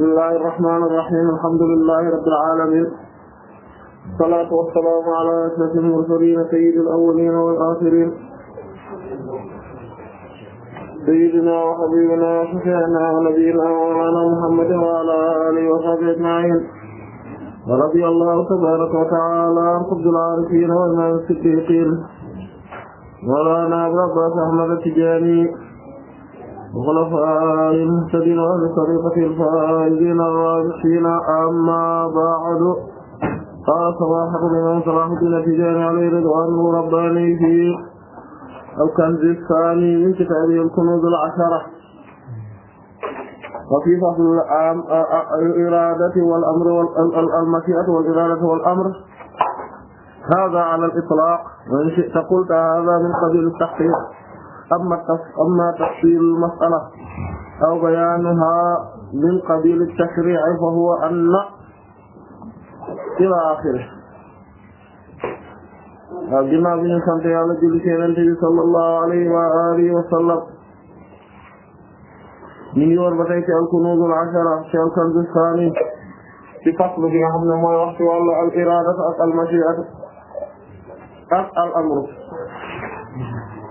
bismillahi irrahmani irrahim alhamdulilahi rabbil alamin salaatu wassalaamu ala ashrafil mursaliin sayyidil awwaliin wal aaxiriin sayyidina wa habibina wa shafiina wa nabiyina wa mawlaana muhammadin wa ala aalihi wa sahbihi ajmaiin wa radiyallahu tabaaraka wa ta'aala an qutbil aarifiin wa imaam siddiqiin mawlaana Abul Abbaas Ahmad Tijaani الخلفاء المهتدين وأهل طريقة الفائزين الرابحين أما بعد قال صباحة الإمام صلاح الدين التجاني عليه رضوانه رباني في الكنز الثاني من كتابه الكنوز العشرة وفي فصل الإرادة والأمر والمشيئة والإرادة والأمر هذا على الإطلاق وإن شئت قلت هذا من قبيل التحقيق amma tas amma tafsiilul mas'ala aw bayaanuha min qabiil at-tashrii' fa huwa anna ilaa aaxiri waaw ginnaaw bi ñu sant yàlla julli ci Yonent bi sallallahu alayhi wa alihi wa sallam ñu ngi woon ba tey ci al-kunuuzul ashara ci al-kanz as-saani ci faslu bi nga xam ne mooy wax ci wàllu al-iraadatu ak al-mashii'atu ak al-amru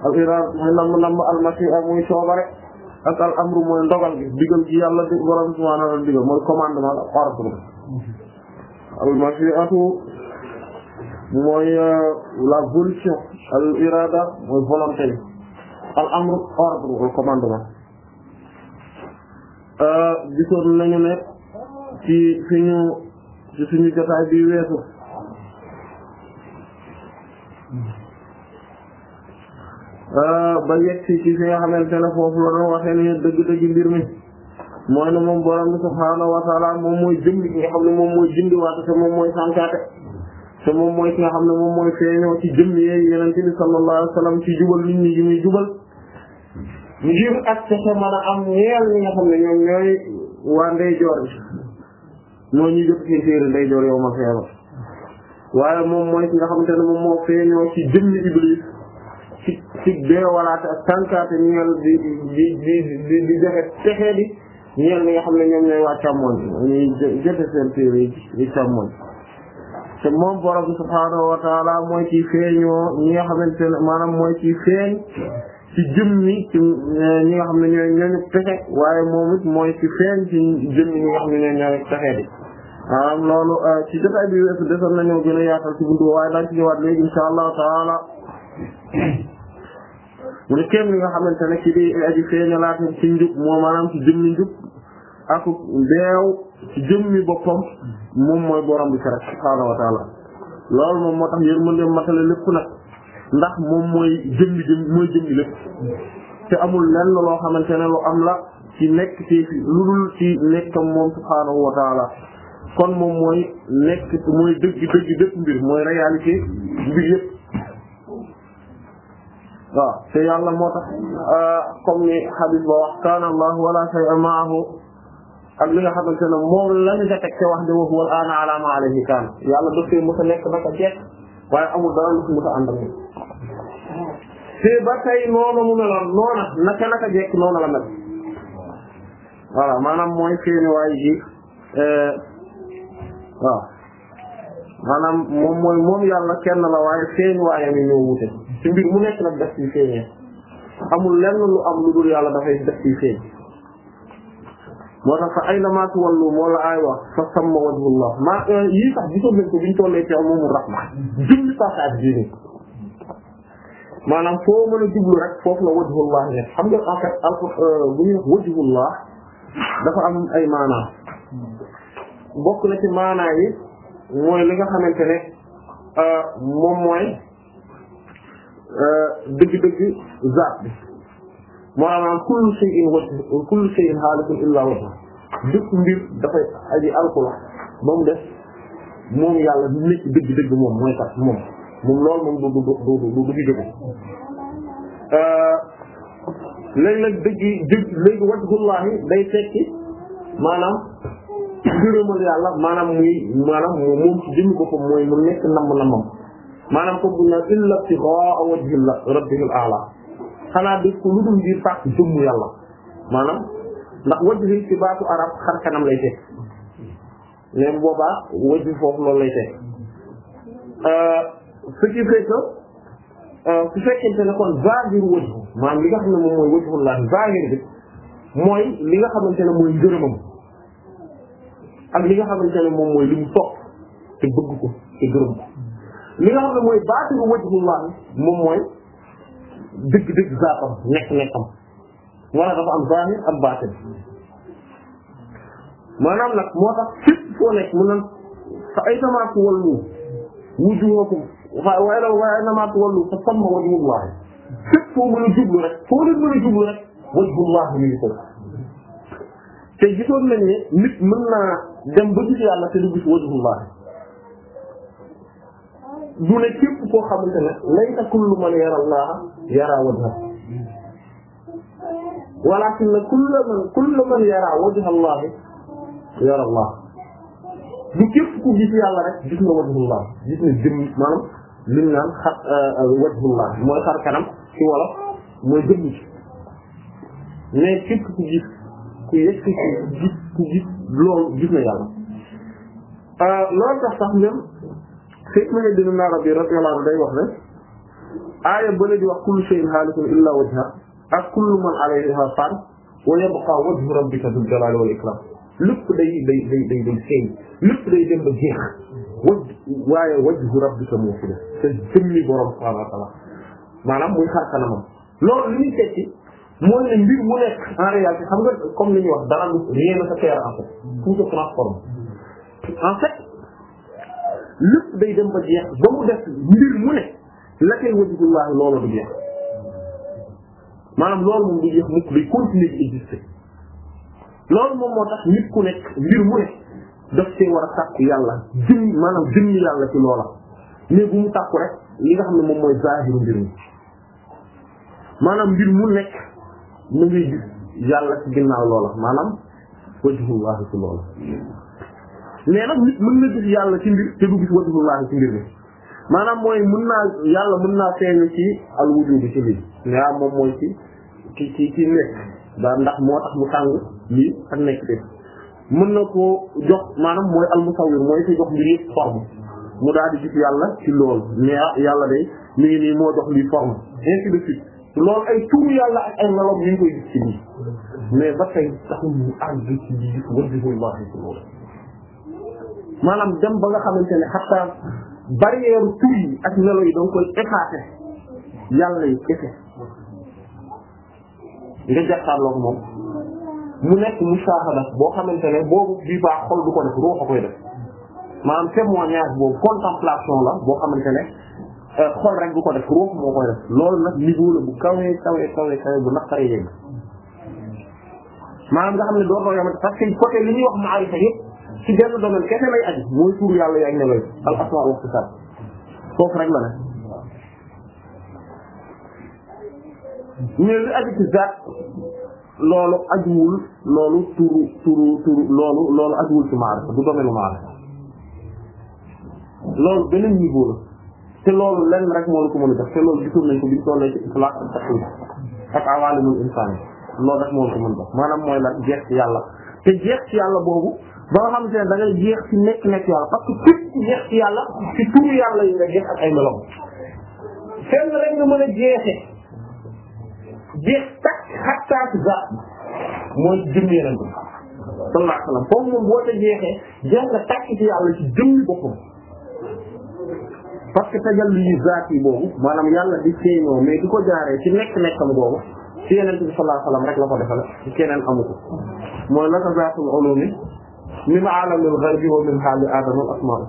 al iraada mooy namm namm al mashi'a muy coobare ak al amru mooy ndogal gi digal gi yàlla di borom subhaanahu wa ta'aala digal mooy commandement la ordre al mashi'atu mooy euh, la volition al irada mooy volonté bi al amru ordre mooy commandement euh, gisoon nañu ne ci suñu ci suñu jotaay bi weesu Euh, ba yegg ci fi nga xamante ne foofu la doon ni dëgg-dëgg mbir mooy ne moom borom bi subhaanahu wa taala moom mooy jënd ki nga xam ne moom mooy jëndiwaate te moom mooy sànkaate te moom mooy ki nga xam ne moom mooy feeñoo ci jëm yee yeneen bi sallallahu alayhi wa sallam ci jubal nit ñi gi jubal ngir ak fexe mën a am ñeel ñi waa ndeyjoor bi mooy ñu jot seen téere ma feebar waaye moom mooy ki nga xamante ne moom moo feeñoo ci jëmmi iblis ci deewalaate ak tànkaate ñeel di di di di joxe texee di ñeel li nga xam ne ñoom ñooy waa càmmoñ ñuy jote seen téere yi càmmoñ te moom borom subhaanahu wa taala mooy kii ñi nga xamante maanaam mooy ci feeñ ci jëmmi ci eh, ñi nga xam ne ñooy ñooñu texe waaye moom it mooy ci feeñ ci jëmmi ñi nga xam ne ñooy ñooñu texe di maanaam loolu eh, ci jotaay bi weesu desoon nañoo gën a yaatal ci buntu waaye daan ci ñëwaat léegi insha taala ne kéem li nga xamante ne ci di aji feeñalaatam ci njub moo maanaam ci jëmmi njub ak deew ci jëmmi boppam moom mooy borom bi rek subhaanahu wa taala loolu moom moo tax yërmandeem matale lépp ndax moom mooy jëmmi jëm mooy jëmmi lépp te amul lenn loo xamante ne lu am la ci nekk ci lu dul ci nekkam moom subhaanahu wa taala kon moom mooy nekk mooy dëgg dëgg dëpp mbir mooy réalité mbir yëpp waaw te yàlla moo tax euh, comme ni hadith ba wax kaana allahu wala shay'a ma'ahu ak li nga xamante ne moom lañu ca teg te wax di wax wal aana ala ma alayhi kaan yàlla daf koy mës a nekk naka jekk waaye amul dara lu ci mës a ànd ak te ba tey noonu mu meloon noona naka naka jekk noonu la mel voilà maanaam mooy feeni waay ji euh, waaw maanaam moom mooy moom yàlla kenn la waaye feeni waayam yi ñoo wute ci mbir mu nekk nag def ci feeñee amul lenn lu am lu dul yàlla dafay def ci feeñ moo tax fa ay namaatu wallu moo la ay wax fa samma wajhullah euh, yii sax gisoon nañ ko biñ tollee ci moomul rahma julli passage bii nii maanaam foo mën a jublu rek foofu la wajhullah ne xam nga en fait al euh, bu ñuy wax wajhullah dafa am ay maanaa bokk na ci maanaa yi mooy li nga xamante ne euh, moom mooy Euh, dëgg-dëgg zaat bi maanaam kullu shay'in wa kullu shay'in haalikun illaa wajhah dëkk mbir dafay aji alkula ba mu def moom yàlla nekk dëgg-dëgg moom mooy tax moom moom loolu moom du du du du du ci jóge euh, léegi nag dëgg dëgg léegi wajhullaahi day tekki maanaam ngërëmal yàlla maanaam muy maanaam moom ci jëmmi boppam mooy mu nekk maanaam comme bu ñu naan illa ibtighaa wajhi rabbihil a'la xanaa def ko lu dul ngir sàkk jëmm yàlla maanaam ndax wajhi ci baatu arab xar kanam lay teg mais bu boobaa wajhi foofu loolu lay teg euh, ce qui fait que euh, su fekkente ne kon zaahir wajhu maanaam li nga xam ne moom mooy wajhullahi zaahir bi mooy li nga xamante ne mooy ngërëmam ak li nga xamante ne moom mooy li mu sopp te bëgg ko te gërëm ko li nga xam ne mooy baatinu wajhullah moom mooy dëgg-dëgg zaatam nekk-nekkam wala dafa am zaahir am baatin maanaam nag moo tax fépp foo nekk mu nan fa ay namaat wallu wujuhakum waaye waaye la waaye namaat fa samma wajhullah fépp foo mën a jublu rek foo leen mën a jublu rek wajhullah mi ngi te gisoon nañ ne nit mën naa dem ba gis yàlla te du gis wajhullah du ne képp koo xamante ne laysa kullu man yara Allaha yara wajhahu walakinna kullu man kullu man yara wajha Allahi yara Allah du képp ku gis yàlla rek gis na wajhullah gis na jëm maanaam li ñu naan xar euh, euh, wajhullah mooy xar kanam ci wolof mooy jëmm ci mais képp ku gis ku yegg ku gis ku gis loolu gis na yàlla euh, loolu tax sax même Sayyidina Ibn Arabi radiyallahu anhu day wax ne aaya bële di wax kullu shay'in haalikun illaa wajhahu ak kullu man alayha fan wa yabqa wajhu rabbika dhul jalaali wal ikram lépp day day day day day jeex waj waaye wajhu rabbika moo fi def te jëmmi wa maanaam muy xar kanamam loolu li ñu tekki mooy ne mbir mu nekk en réalité xam nga comme li ñuy wax dara rien ne se perd en fait tout en fait lépp day dem ba jeex ba mu def mbir mu ne la koy wajhullahi loolu du maanaam loolu moom du jeex ko day continuer di exister loolu moom moo tax nit ku nekk mbir mu ne daf see war a sàkku yàlla jëm maanaam jëm yàlla ci loola mais bu mu sàkku rek li nga xam ne moom mooy zaahiru mbir mi maanaam mbir mu nekk mu ngi gis yàlla ci ginnaaw loola maanaam wajhullahi ci loola mais nag nit na gis yàlla ci mbir te du gis wajhullaahi ci mbir bi maanaam mooy mën naa yàlla mën naa feeñu ci al wujuud ci lii mais ah moom mooy ci ki ki ci nekk ndax moo tax mu tàng lii ak nekk bi mën na ko jox maanaam mooy al mooy ci jox mbir yëpp forme mu daal di gis yàlla ci lool mais ah yàlla day lii ngi nii moo jox lii forme ainsi de suite loolu ay tuuru yàlla ak ay meloom ñu ngi koy gis ci lii mais ba tey taxul ñu àgg ci lii gis wajhullaahi maanaam dem ba nga xamante ne xatta barrière tur yi ak melo yi danga koy effacé yàlla yi kese nga jàkkaarloog moom mu nekk musaahada boo xamante ne boo bii baax xol du ko def ruux a koy def maanaam témoignage boobu contemplation la boo xamante ne euh, xol rek du ko def ruux moo koy def loolu nag niveau la bu kawee kawee kawee kawee bu naqaree yéeg maanaam nga xam ne doo ko yamante parce que côté li ñuy wax maarifa ci benn domaine kese lay aju mooy tur yàlla yi ak ne lay al asma wa sifat foofu rek la ne mais li aju ci zaat loolu ajuwul loolu turu turu turu loolu loolu ajuwul ci maarifa du domaine maarifa loolu beneen niveau la te loolu lenn rek moo la ko mën a def te loolu gisoon nañ ko biñ tollee ci islaq ak taqlid ak awaalimul loolu rek moo la ko mën a maanaam mooy lan jeex ci yàlla te jeex ci yàlla boobu ba nga xamante ne da ngay jeex ci nekk nekk yàlla parce que fépp jeex ci yàlla ci turu yàlla yi nga jeex ak ay meloom fenn rek nga mën a jeexe jeex ko sallallahu alayhi wasallam comme ta jeexee jeex nga takk ci yàlla ci jëmmi boppam parce que tajalli yu zaat yi boobu maanaam yàlla di feeñoo mais di ko jaaree ci nekk nekkam boobu ci yeneen bi sallallahu alayhi rek la ko defal ci keneen amu ko mooy naka zaatul min aalamil ghaybi wa min haali aadama asmaa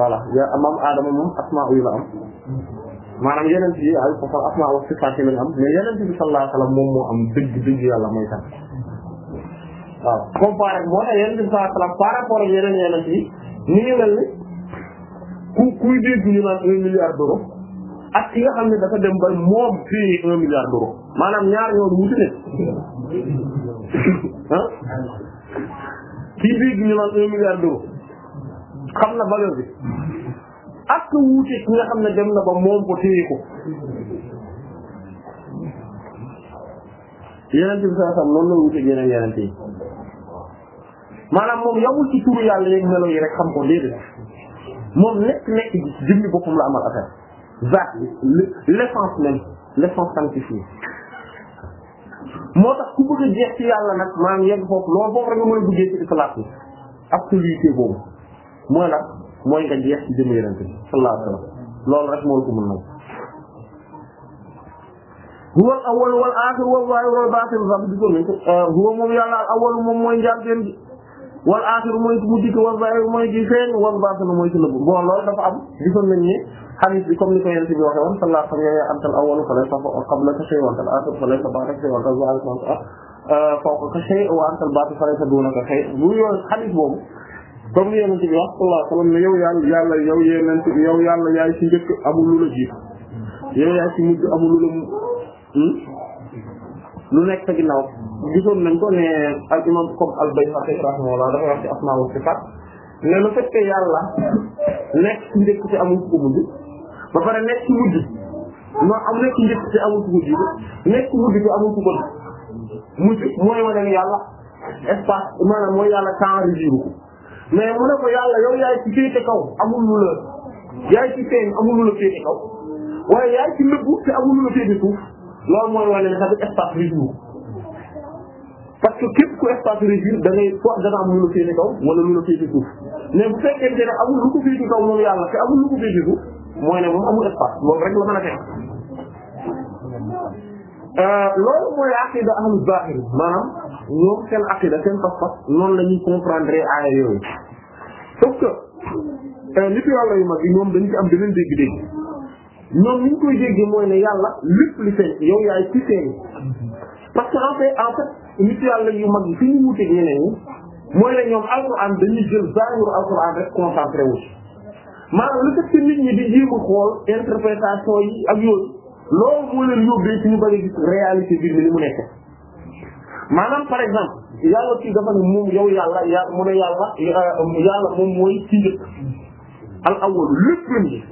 voilà yaa maam aadama moom asmaa yi la am maanaam yeneen yi ay fofal asmaa wa sifaat yi la am mais yeneen bi sallallahu alayhi wasallam moom moo am dëgg dëgg yàlla mooy kan waaw comparé moo tax yeneen bi sallallahu alayhi wasallam par rapport ak yeneen yeneen yi ñu ngi mel ni ku kuy dégg ñu naan un milliard ak ki nga xam ne dafa dem ba moom fii un milliard d'euros maanaam ñaar ñoom wuti ne ah di dégg ñu naan un milliard d'euros xam na valeur bi ak na ki nga xam ne dem na ba moom ko téye ko yeneen bi saa sam noonu la wuute yeneen yeneen yi maanaam moom yawul ci turu yàlla yeeg melo yi rek xam ko déedéet moom nekk nekk gi jëmmi boppam la amal affaire zaat bi l'essence même l'essence sanctifiée moo tax ku bëgg a jeex ci yàlla nag maanaam yegg foofu loolu foofu rek nga mën a duggee ci ikhlas bi absoluté boobu mooy nag mooy nga jeex ci jëm yonent bi sallallahu alayhi wa sallam loolu rek moo la ko nag huwa al awwal wal aaxir wal zaahir wal baatin sax gisoon nañ ko euh, huwa moom yàlla al awwal moom mooy njaal bi wal aaxiru mooy mu dikk wal zaahiru mooy ci mooy ci lëbb bon loolu dafa am gisoon nañ ni hadith bi comme ni ko yéen si bi waxee woon sallallahu wa sallam antal awwalu falaysa qablaka shay'un wal aaxiru falaysa ba'daka shay'un wal wa antal baatinu falaysa duunaka shay'un bu yoon hadith boobu comme ni yonent bi wax sallallahu alayhi wa sallam ne yow yàlla yàlla yaay ci njëkk amul lu la jiitu yow yaay ci mujj amul lu la hmm? lu nekk sa ginnaaw gisoon nañ ko ne al imam comme al Bayhaqi rahimahullah dafa wax ci asmaa wa ne le fait yàlla nekk ci njëkk te amul ko mujj ba pare nekk ci mujj non am nekk ci njëkk te amul ko mujj nekk ci mujj te amul ko mujj mooy wane yàlla espace maanaam mooy yàlla temps rigiru ko mais mu ne ko yàlla yow yaay ci féete kaw amul lu la yaay ci feeñ amul lu la féete kaw waaye yaay ci lëbb te amul lu la féete suuf loolu mooy wane ne tamit espace région parce que képp ku espace région da ngay soit am lu la féete kaw wala lu la féete amul lu ko féete kaw moom yàlla te amul lu ko féete suuf mooy ne moom amul espace moom rek la mën a fekk. Euh, loolu mooy aqida ahlu zahir maanaam ñoom seen aqida seen pas-pas noonu la ñuy comprendre aaya yooyu sauf que euh, nit yàlla yu mag yi ñoom dañu ci am beneen dégg-dégg. ñoom ni ñu koy déggee mooy ne yàlla lépp li feeñ yow yaay ci seen parce que en fait en fait nit yàlla yu mag yi fi ñu wuteeg ñeneen ñi mooy ne ñoom alxuraan dañuy jël zaahiru alxuraan rek nit ñi di jéem a xool interprétation yi ak yooyu loolu moo bi ni mu nekk maanaam par exemple yàlla kii dafa ne moom yow yàlla yàlla mu yàlla moom mooy ci al awwal lépp premier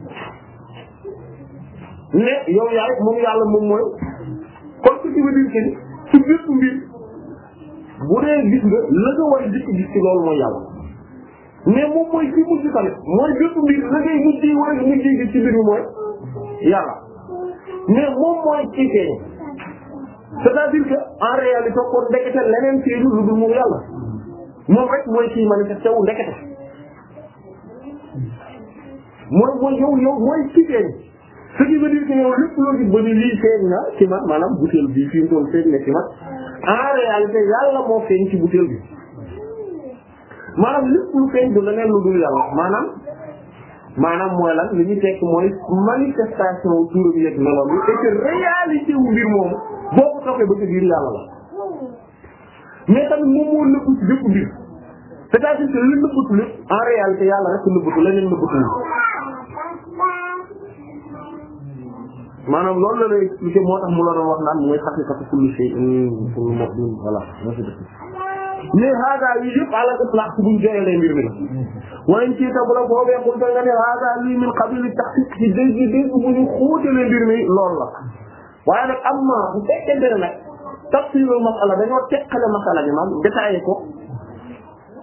ne yow yaa moom yàlla moom mooy kon ce qui veut dire ci bépp mbir bu dee war a jëkk gis mooy yàlla mais moom mooy ci mujj tamit mooy bépp mbir la ngay mujj war a mujj gis mooy yàlla mais moom mooy ci feeñ c'est-à-dire que en réalité kon ndekete leneen feeñu lu dul moom yàlla moom rek mooy ci manifesté wu ndekete mooy mooy yow yow mooy ci feeñ ce qui veut dire que lépp loo gis ba ni lii feeñ na ci man maanaam butéel bi fi mu toll feeñ na ci man en réalité yàlla moo feeñ ci butéel bi maanaam lépp lu feeñ du leneen lu dul yàlla maanaam maanaam mooy lan li ñu tekk mooy manifestation turam yeeg meloom yi et que réalité wu mbir moom boo ko toppee ba ci biir yàlla la mais tamit moom moo nëbbu ci lépp mbir c'est-à-dire que li nëbbatu lépp en réalité yàlla rek nëbbatu leneen nëbbatu maanaam loolu la lay expliqué moo tax mu la doon wax naan mooy xaqiqatu kulli shay'in kullu mu'min voilà nga si def mais xaagaa yi yëpp àla itlaq si buñ joyelee mbir mi la waaye ci ta bu la boobee xulta nga ne xaagaa lii min qabili taxqiq ci dégg dégg bu ñu xóotalee mbir mi loolu la waaye nag am na bu fekkente ne nag tafsirul masala dañoo teqale masala bi maam détaillé ko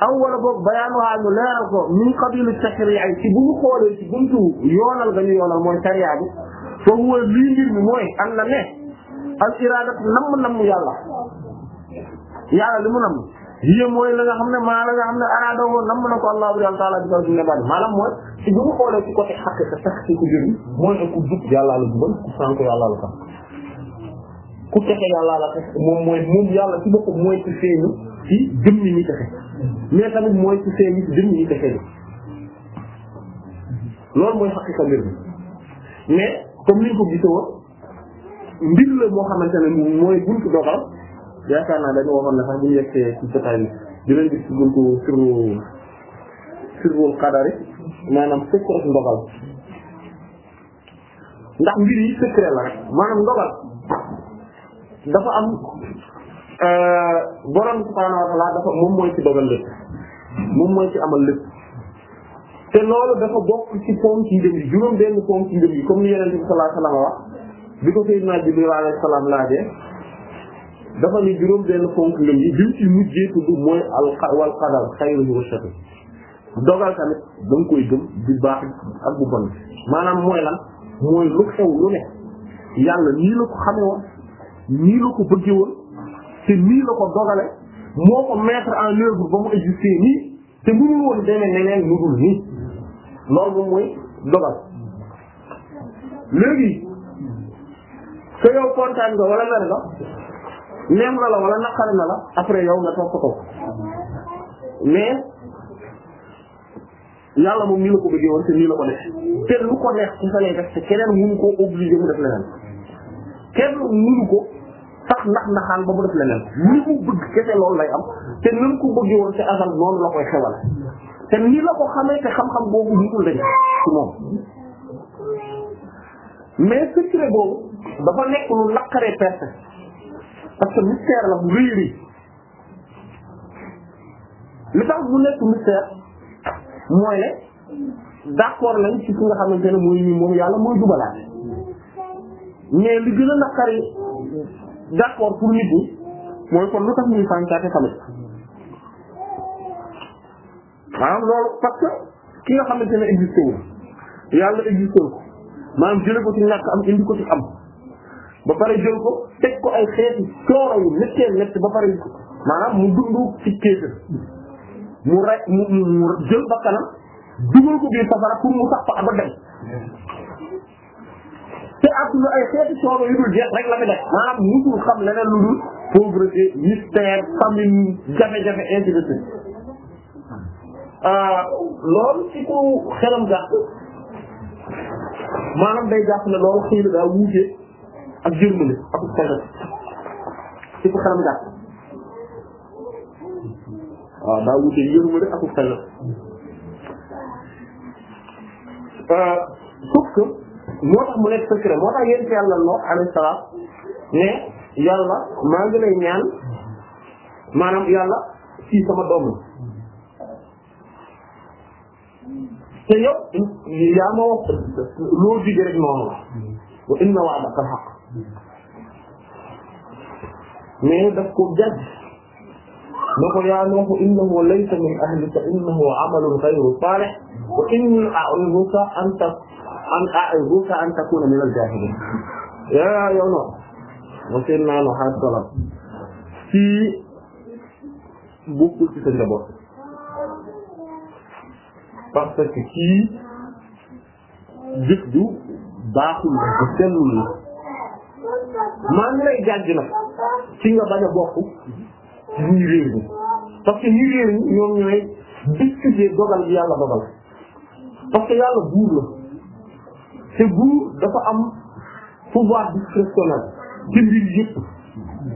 aw wala boog bayaan waa ñu leeral ko min qabili tashri'i ci bu ñu xoolee ci buntu yoonal nga ñu yoonal mooy sariya bi fa huwa lii mbir mi mooy an la al iradat namm namm yàlla yàlla li mu namm mooy la nga xam ne maa la nga xam ne araada woo namm na allah subhanahu wa ta'ala bi mooy ci bu mu xoolee ci côté xaq sa sax ci ko jëri mooy ku jub yàlla la jubal ku sànk yàlla la sax ku texe yàlla la moom mooy moom yàlla mooy ci feeñu ci jëmmi ñi texe mais tamit mooy ci feeñu ci jëmmi ñi texe mooy xaqiqa mbir mi comme ni ñu ko gisee woon mbir la moo xamante ne mooy buntu dogal yaakaar naa dañu waxoon ne sax bu ñu yegsee ci jotaay bi dinañ gis buntu sirru sirrul qadari maanaam secret ndogal ndax mbir yi secret la rek maanaam ndogal dafa am euh, borom subhaanahu wa ta'aala dafa moom mooy ci dogal lépp moom mooy ci amal lépp. te loolu dafa bokk ci ponk yi dem yi juróom benn ponk yi dem yi comme ni Yonent bi sallallahu alayhi wasallam wax bi ko Seydina Jibril alayhi salaam laajee dafa ni juróom benn ponk ngëm yi bi mu ci mujjee tudd mooy al wal qadar xayruhu wa sharruhu dogal tamit da nga koy gëm baax ak bu bon maanaam mooy lan xew lu ne yàlla nii la ko xame woon nii la ko bëgge woon te nii la dogale moo ko mettre en œuvre ba mu exister nii te mënul loolu moom mooy dogal léegi te yow kontaan nga wala mer nga neem na la wala naqari na la après yow nga topp ko mais yàlla moom nii la ko bëggee woon te nii la ko def te lu ko neex ci sa lay def keneen mënu ko obligé mu def leneen kenn mënu ko sax ndax ndaxaan ba mu def leneen lu mu bëgg kese loolu lay am te nan ko bëggee woon ci asal noonu la koy xewal te ni la ko xamee te xam-xam boobu musul dañ ci moom mais secret boobu dafa nekk lu naqaree perte parce que la bu rëy rëy li tax mu nekk mystère mooy ne d'accord lañ ci ki nga xamante ne mooy nii moom yàlla mooy jubalaat mais li gën a naqari d'accord pour mooy kon lu tax ñuy tamit maanaam loolu parce que ki nga xamante ne existé wu yàlla existé ko maanaam jële ko ci ñàkk am indi ko ci am ko teg ko ay xeeti cooro yu méttee métti ba pare maanaam mu dund ci kéeta mu rek mu mu jël bakkanam dugal ko biir safara pour mu sax fa abadam te àdduna ay xeeti coono yu dul rek la fi def maanaam musul xam leneen lu dul pauvreté mystère famine jafe-jafe ainsi Ah, loolu ci ku xelam gàtt maanaam day jàpp ne loolu xëy na daa wuute ak jërmale ak xelam ci ku xelam gàtt waaw ah, daa wuute yërmale ak xelam ah, sauf que moo tax mu nekk secret moo tax yéen ci yàlla Nuux alayhi salaam ne yàlla maa ngi lay ñaan maanaam yàlla ci sama doom te yow yaa ma wax loo digg rek noonu la wa inna wa'daka al-haqq mais daf ko jàdd na ko yaa Nuuh innahu laysa min ahlika innahu amalun ghayru saalih wa inni a'izuka an tak an a'izuka an takuna min al-jaahiliin yaa yow Nuuh ma seen naa Nuuh alayhi salaam fii bokkul ci sa njaboot parce que kii jëf ju baaxul la bu sellul la lay jàjj na ci nga bañ a bokk ci ñuy réer ñi parce que ñuy réer ñi ñoom ñooy discuter yàlla dogal parce que dafa am pouvoir discrétionnaire ci mbir yëpp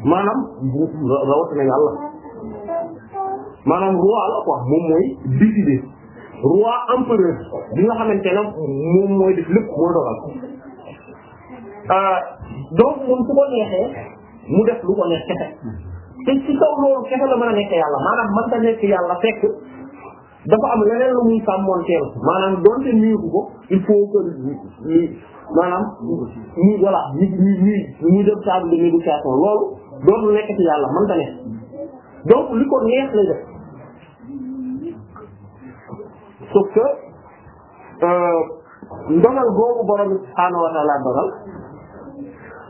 maanaam rawatina yàlla maanaam roi la quoi moom mooy roi empereur bi nga xamante ne moom mooy def lépp mooy dogal euh, donc moom su ko neexee mu def lu ko neex kese te ci kaw loolu kese la mën a nekk yàlla maanaam mën ta nekk yàlla fekk dafa am leneen lu muy sàmmoonteel maanaam donte nuyu ko il faut que maanaam ñu voilà ñu ñu ñu dem table de négociation loolu doon nekk ci yàlla mën ta nekk donc li ko neex lay def sauf que euh, ndogal googu borom bi subhaanahu wa ta'ala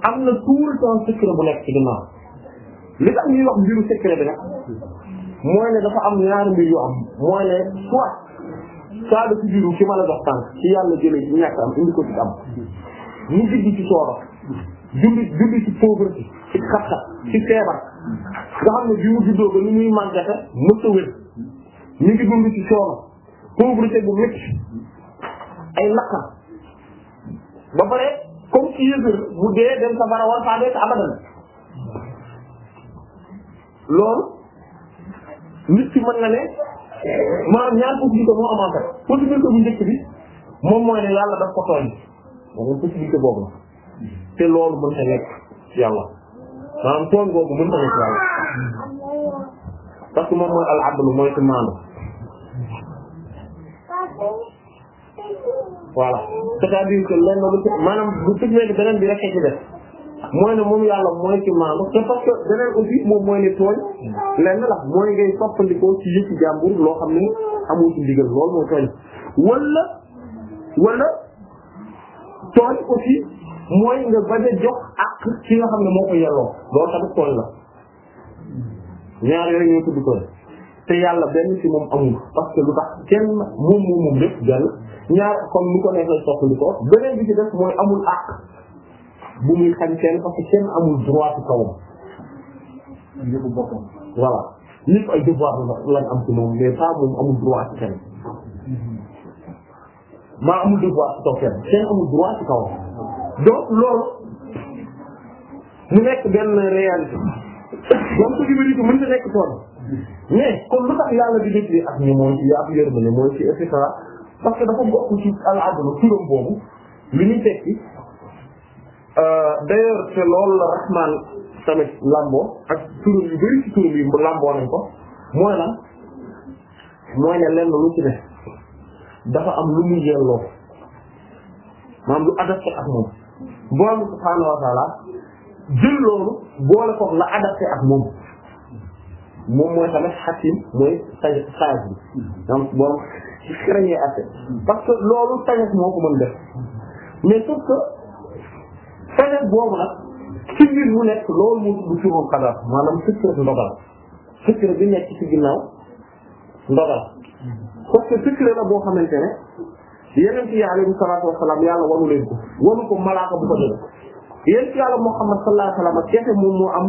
am na tout le temps bu nekk ci ginnaaw li tax ñuy wax mbiru secret bi nag mooy ne dafa am ñaari mbir yu am mooy ne soit saa da biiru ci mën a dox tànk ci yàlla jëlee ci ñàkk am indi ko ci am ñu jiddi ci sooro julli julli ci pauvreté ci xat-xat ci feebar nga xam ne bi mu ba ni muy màggate mësta wér ñu ngi ci coono pauvreté bu métti ay naqar ba pare comme ci yëgër dem safara war faa abadan loolu nit ki mën na ne maanaam ñaar possibilité moo am en fait possibilité bu njëkk bi moom mooy ne yàlla daf ko tooñ moom possibilité boobu la te loolu mën na nekk yàlla maanaam tooñ boobu mën na nekk yàlla parce que moom mooy al adlu mooy voilà c'est-à-dire que lenn lu ci maanaam bu tëjee beneen bi rek ci def mooy ne moom yàlla mooy ci maandu te parce que beneen moom mooy ne tooñ lenn la mooy ngay soppandikoo ci yëpp jàmbur loo xam ne amul ci ndigal loolu mooy tooñ wala wala tooñ aussi mooy nga bañ a ak ci nga xam ne moo ko yelloo loolu tamit tooñ la ñaar yooyu yàlla benn ci moom amul parce que lu tax kenn moom moom moom lépp ñaar comme ni ko neex la ko beneen bi ci def mooy amul àq bu muy xañ kenn parce kenn amul droit ci kawam. yëpp boppam. voilà ñëpp lañ am ci moom mais ça moom amul droit ci kenn. maa amul devoir ci kaw kenn kenn amul droit ci kawam. loolu mu nekk benn réalité donc su jublu mën na nekk tool mais comme lu tax yàlla di def ak ñu moom ci yàlla yërmande mooy ci et parce que dafa bokk ci al-adlu turam boobu li ñu tekki euh, la rahman tamit lamboo ak turam yu bari ci lamboo nañ mooy lan mooy ne lenn lu ci ne dafa am lu mu yelloo maanaam lu adapté ak moom borom subhaanahu wa ta'ala jël loolu boole ko la adapté ak moom moom mooy tamit xakim mooy sa sage bi donc ci xereñee atte parce que loolu sagesse moo ko mën def mais sauf que boobu nag ci biir nekk loolu moo tudd sirrul qadar maanaam secret ndogal secret bi nekk ci ginnaaw ndogal parce que secret la boo xamante ne yeneen ci alayhi salaatu wasalaam yàlla wanu leen ko wanu ko malaaka bu ko def yeneen ci Muhammad sallallahu alayhi wasallam kese moom moo am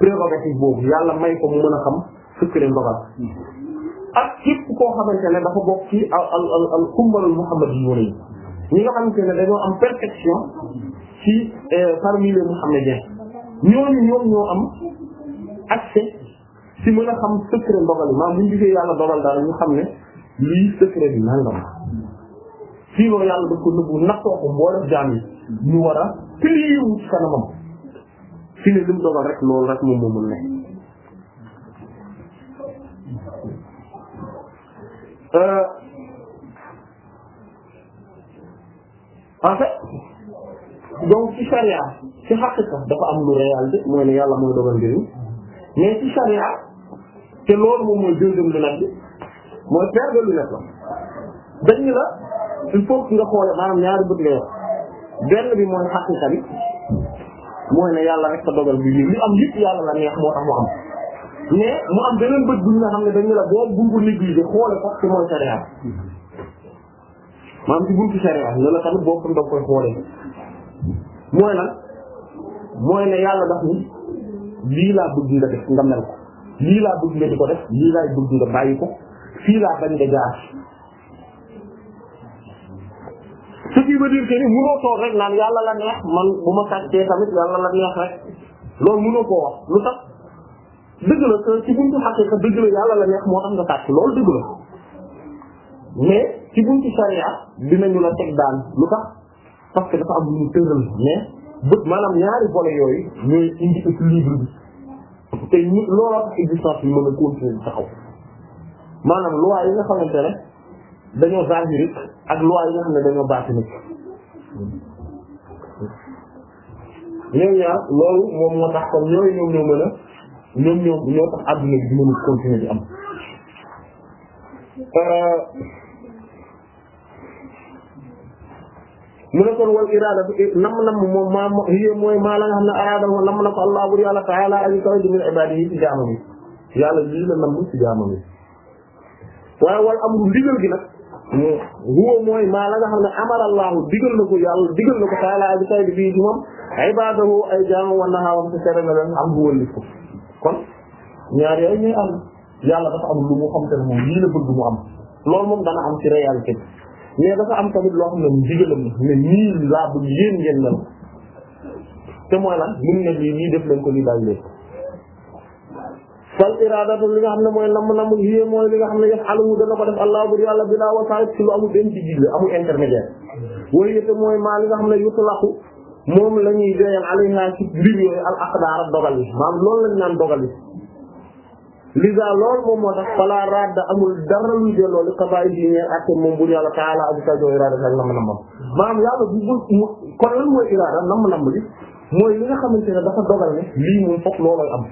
prérogative boobu yàlla may ko mu mën a xam secret ndogal ak képp koo xamante ne dafa bokk ci al al al al xumbalul muhammadiyuuna yi ñi nga xam ne dañoo am perfection ci eh, parmi les muhammadiens ñooñu ñoom ñoo am accès ci mën a xam secret ndogal yi maanaam bu ñu gisee yàlla dogal daal ñu xam ne lii secret bi nangam sinon yàlla daf ko nëbbu nattoo ko mboolem jaam yi ñu war a prier kanamam fi ne li dogal rek loolu rek moom moo mën ne Euh, en fait donc ci charia ci xaqiqa dafa am lu réalité mooy ne yàlla mooy dogal mbir mi mais ci charia te loolu moom mooy deuxième lunette bi mooy paire de lunettes la dañ la il faut nga xoole maanaam ñaari bët nga benn bi mooy xaqiqa bi mooy ne yàlla rek sa dogal bi li am yëpp yàlla la neex moo tax mu am mais mu am beneen bu ñu nga xam ne dañu la boo bu ko négligé xoole ko ci mooy sariya maanaam ci buntu sariya ne la tamit boo ko doon koy xoolee mooy lan mooy ne yàlla daf ni lii laa bëgg nga def nga mel ko lii laa bëgg nga di ko def lii laay bëgg nga bàyyi ko fii laa bañ nga jaar ce qui veut dire que ni mënoo toog rek naan yàlla la man bu ma sàccee tamit yàlla la neex rek loolu mënoo koo wax lu tax dëgg la que ci buntu xaqiqa dëgg la yàlla la neex moo tax nga sàcc loolu dëgg la mais ci buntu sharia dinañu la teg daan lu tax parce dafa am lu ñu tëral mais bët maanaam ñaari volets yooyu ñooy indi équilibre bi te ñu taxaw maanaam loi yi nga xamante ne dañoo zahirique ak loi yi nga xam ne dañoo ah loolu moom moo tax kon ñooyu ñoom mën a ñoom ñoo ñoo tax àdduna bi di a continuer euh, wal iraada bi nam nam moom ma yé mooy maa nga xam ne araada moom nam na ko allah bur yàlla taala aji kawa ji min jaamam yi yàlla nam ci jaamam waaye wal amru ndigal gi nag huwa mooy maa nga xam ne amara allahu digal na ko yàlla digal na ko taala aji kawa ji bii ci ay jaamam wa nahaawam te tere na leen am bu wëlli ko kon ñaar yooyu ñuy am yàlla dafa am lu xam te ne moom lii la bëgg mu am loolu moom dana am ci réalité bi mais dafa am tamit loo xam ne ndigalam ne nii laa bëgg yéen ngeen mel te mooy lan mun ne lii lii def lañ ko lii daal léegi fal iradatu li nga xam ne mooy namm namm yie mooy li nga xam ne yaf alamu dana ko def allah bur yàlla bi laa wasaare ci lu amul benn ci digle amul intermédiaire wala yëpp mooy maa li xam ne yutlaqu moom la ñuy joyal alayha ci mbir yooyu al aqdaar dogal yi maanaam loolu lañ naan dogal yi lisa loolu moom moo tax fala radda amul dara luy delloo li xabaay yi ñeer ak moom bu ñu yàlla taala abu tajoo iraada ak nam nam maanaam yàlla bu bu kon lan nga xamante ne dafa dogal ne lii moom foog loolooy am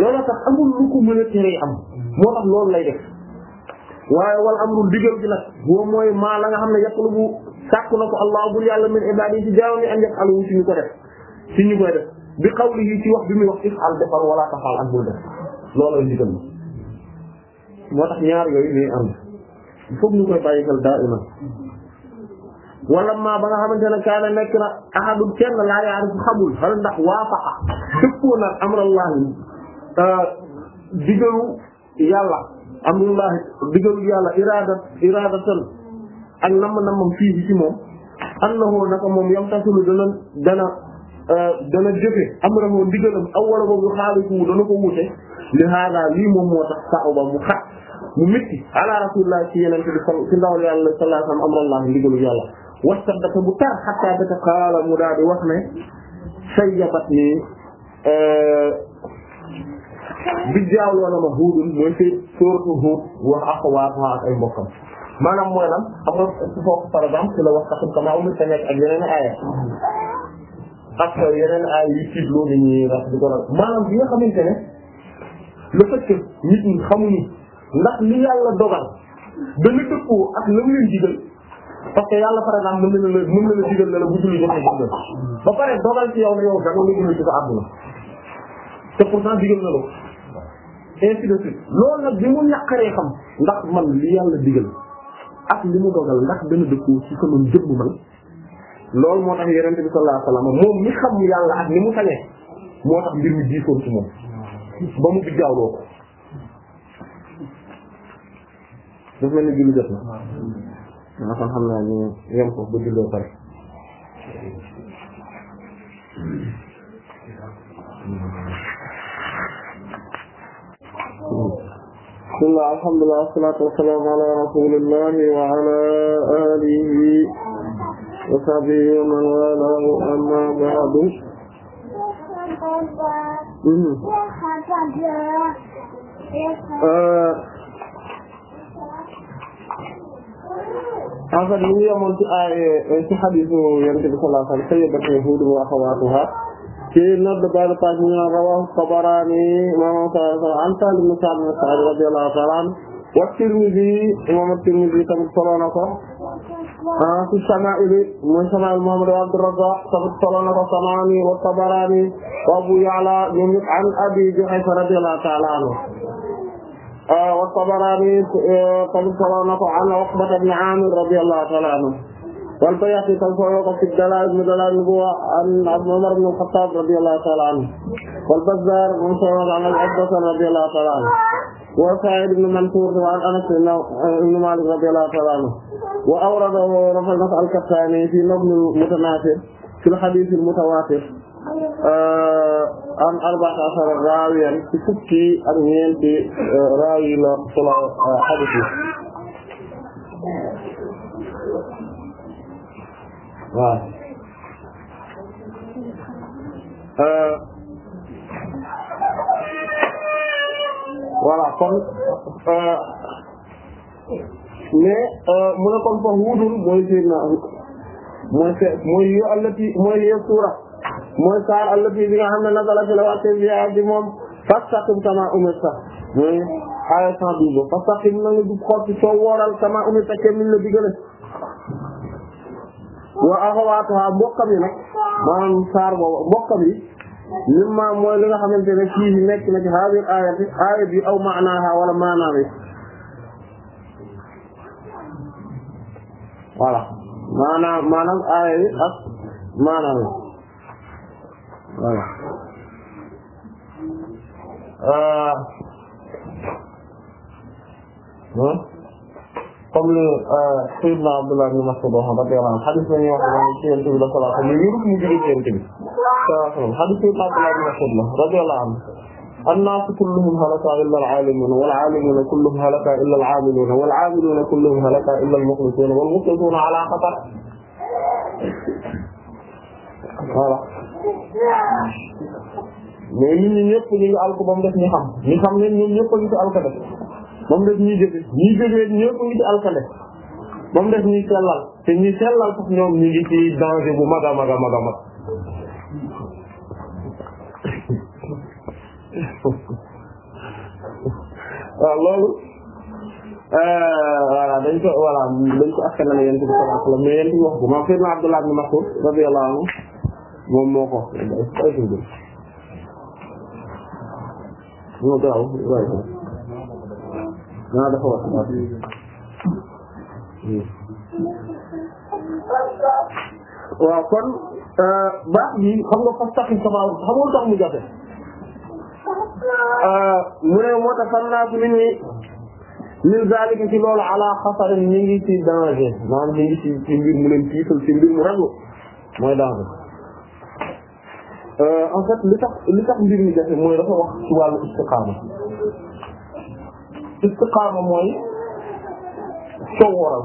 loolu tax amul lu ko mën a teree am moo tax loolu lay def waaye wal amru digal gi nag moom mooy maa la nga xam ne yàq sàkku na ko allah bul yàlla min ibaadi ci jaawam yi an yaf alu ci ñu ko def ci ñu koy def bi xawli yi ci wax bi muy wax if al defal wala tafal ak bul def looloo ndigal la moo tax ñaar yooyu ñuy am foog ñu koy bàyyi xel daa iman wala ma ba nga xamante ne kaana nekk na ahadul kenn laa yaarifu xamul xal ndax waafaqa dëppoo na amrallahi euh, digalu yàlla amrullahi digalu yàlla iraada iraadatan ak namm-nammam fii bi ci moom annahu naka moom yam tasilu dana dana euh, dana jëfe amrahu ndigalam aw wala boobu xaaliku dana ko wuute li haaga lii moom moo tax sa'uba mu xat mu métti ala rasulillah ci bi ndawal yàlla sallallahu alayhi wa sallam amrallah ndigalu yàlla wasaddata bu tar xattaa data mu daal wax ne sayyabat ni euh, bi jaawloo ma huudun mooy së sóortu huud wax axawaatuha ak ay mbokkam maanaam mooy lan am na foofu par exemple la wax taxul kama umir te nekk ak yeneen aaya ak yeneen aaya yu tiitloo ni ñuy rax di ko rax maanaam bi nga xamante ne le fait que nit ñi ndax li yàlla dogal dana dëppoo ak la mu par na la mën na la digal ba pare dogal ci yow ne yow danga la julli ci sa àdduna te pourtant digal na la ainsi de bi mu ñàkkaree xam ndax man li yàlla digal ak li mu dogal ndax dana dëppoo ci sama jëmm man loolu moo tax yonent bi sallallahu alayhi wasallam moom mi xam yàlla ak ni mu sañee moo tax mi diisoon ci moom ba mu bijjaawloo ko daf mel ni julli jot na nga xam xam naa ñu yem ko ba julloo pare bismillah alhamdulillah wasalaatu wasalaamu ala rasulillahi wa ala alihi wa sahbihi wa man walaahu amma ba'du mm-hmm. uh, en fait ñu ngi yemoon ci ay ci xadiisu Yonent bi sallallahu alayhi wa sallam sayyidatu Huud wa axawaatuhaa ci nodd bàyyi page bi ñu naan rawahu Tabarani imaam an Sahl ibn Sa'd ibn Sa'd radiyallahu ta'ala anhu wa Tirmidhi imaam Tirmidhi tamit solo na ko fi Shama'il mooy Shama'il Muhammad ibn Abd ar-Razzaq tamit solo na ko Samaani wa Tabarani wa Abu Ya'la ñoom ñëpp an Abi Juhayfa radiyallahu ta'ala anhu wa Tabarani eh, tamit solo na ko an Uqbata ibn Amir radiyallahu ta'ala anhu wal bayhaqi yi tam solo ko fi dalaa'il min dalaa'il nubuwwa an Umar ibn al-Khattab radiyallahu ta'ala anhu wal Bazzaar moom solo ko an Abbas radiyallahu ta'ala anhu wa Sa'id ibn Mansur wa an Anas ibn Malik radiyallahu ta'ala anhu wa awradahu Rafi' al-Kattani fi Nazm al-Mutanasir fi al-Hadith al-Mutawatir an arba'ata ashara raawiyan ci fukki ak ñeenti raawi la solo hadith waaw euh, voilà kon euh, mais euh, mu ne kon foofu wutul mooy Seydina mooy se mooy yu allati mooy yu suura mooy saar allati bi nga xam ne nazala fi la wàcce bi yaa bi moom fastaqim kama umirta mooy aaya cent douze fastaqim na nga jub xool ci soo wooral kama umirta kenn la digale wa axawaatuha mbokkam yi nag maanaam saar boobu mbokkam yi mimma mooy li nga xamante ne fii bi nekk na ci hadir ayat bi ayat bi aw maanaaha wala maanaa bi voilà maanaam maanaam aaya bi ak maanaam bi voilà ah comme li euh, Seydina Abdullah ibn Mas'ud waxoon radiyallahu anhu xadis la ñuy wax ci yonent bi sallallahu alayhi wa sallam mais yëpp ñu jógee ci yonent bi sallallahu alayhi wa sallam xadis Seydina Abdullah ibn Mas'ud la radiyallahu anhu an-naasu kulluhum halaka illa al-'aalimuuna wal-'aalimuuna kulluhum halaka illa al-'aamiluuna wal-'aamiluuna kulluhum halaka illa al-muxlisuuna wal-muxlisuuna 'alaa xatar voilà mais nit ñi ñëpp ñu ngi alku ba mu def ñi xam ñi xam ne ñoom ñëpp a ngi ci alku def moom def ñuy jóge ñuy jógee ñëpp ngi ci alkande moom def ñuy sellal te ñuy sellal sax ñoom ñu ngi ci danger bu mag a mag a mag a mag waaw loolu euh, voilà dañ ko voilà dañ ko askanale yent bi sallallahu alayhi wasallam mais yent bi wax ko maam Seydina Abdullah ibn Mas'ud radiyallahu anhu moom moo ko wax waaw dafa wax waaw kon eh, baax bi xam nga fas taxi sama xam nga tax mu jafe eh, mu ne moo tax fan naa nit ñi min zalika ci loolu ala xasarin ñu ngi ci danger maanaam ñu ngi ci ci mbir mu leen tiital ci mbir mu raglu mooy danger eh, en fait li tax li tax mbir mi jafe mooy dafa wax ci wàllu istiqaama istiqaama mooy coowaral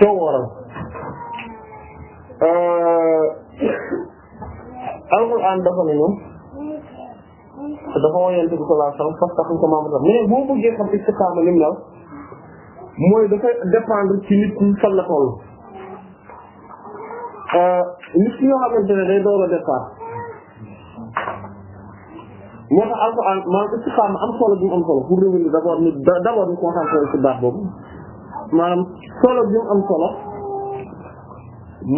coowaral euh, alxuraan dafa ne ñun dafa wax yonent bi sallallahu alayhi wa sallam fastaqiim kamaa umirt mais boo bëggee xam istiqaama lim nal mooy dafay dépendre ci nit ñi fan la toll euh, nit ki nga xamante ne day door a départ moo tax alxuraan maanaam istiqaama am solo bi mu am solo pour revenir d'abord ni d'abord ñu concentré ci baax boobu maanaam solo bi mu am solo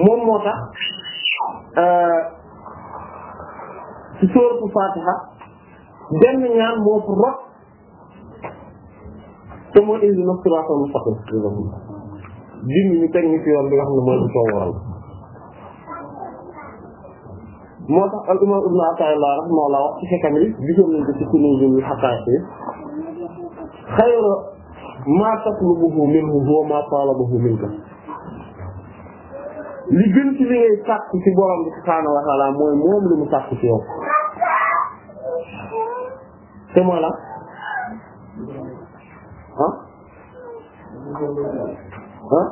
moom moo tax euh, ci sóoratu Faatiha benn ñaan moo fi rot te mooy indi na siraatal mustaqim di ñu teg ñu yoon bi nga xam ne mooy li soo waral moo tax al imam ibnu Ataa'illah rahimahullah wax ci xekam yi gisoon nañ ko ci Kunuuzul Haqaa'iq xayru maa tatlubuhu minhu huwa maa talabahu minka li gën ci li ngay sàkku ci borom bi subhaanahu wa ta'aala mooy moom li mu sàkku ci yow te mooy la ah ah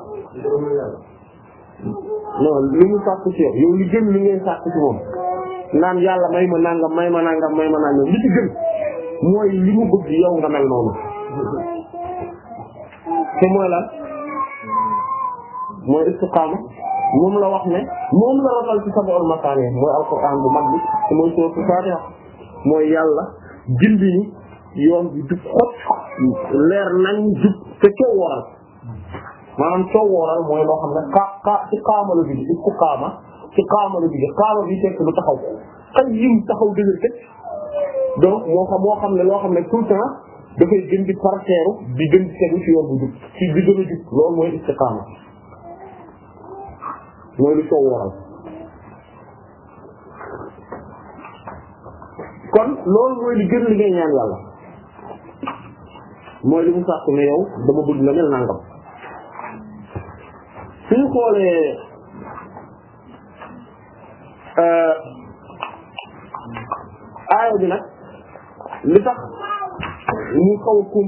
non li mu sàkk ci yow yow li gën li ngay sàkk ci moom naan yàlla may ma nangam may ma nangam may ma nangam li ci gën mooy li mu bëgg yow nga mel noonu te mooy lan mooy istiqaama moom la wax ne moom la rotal ci sab'ul masaani mooy alquran bu mag bi te mooy sootu Faatiha mooy yàlla gindi ni yoon bi jub xot leer nañ jub te coow waral maanaam coowooral mooy loo xam ne kaa kaa ci qaama la jógee isku qaama ci qaama la jógee qaama bi tekk lu taxaw qayyim taxaw dëgër tëj donc moo xam moo xam ne loo xam ne tout le temps dafay gën di parteeru di gën di tegu ci yoon bu jub ci bi gën a jub loolu mooy istiqaama mooy li gën li ngay ñaan yàlla mooy li mu sàkk ne yow dama bëgg nga mel nangam suñu xoolee euh, aaya bi nag li tax ñu xaw a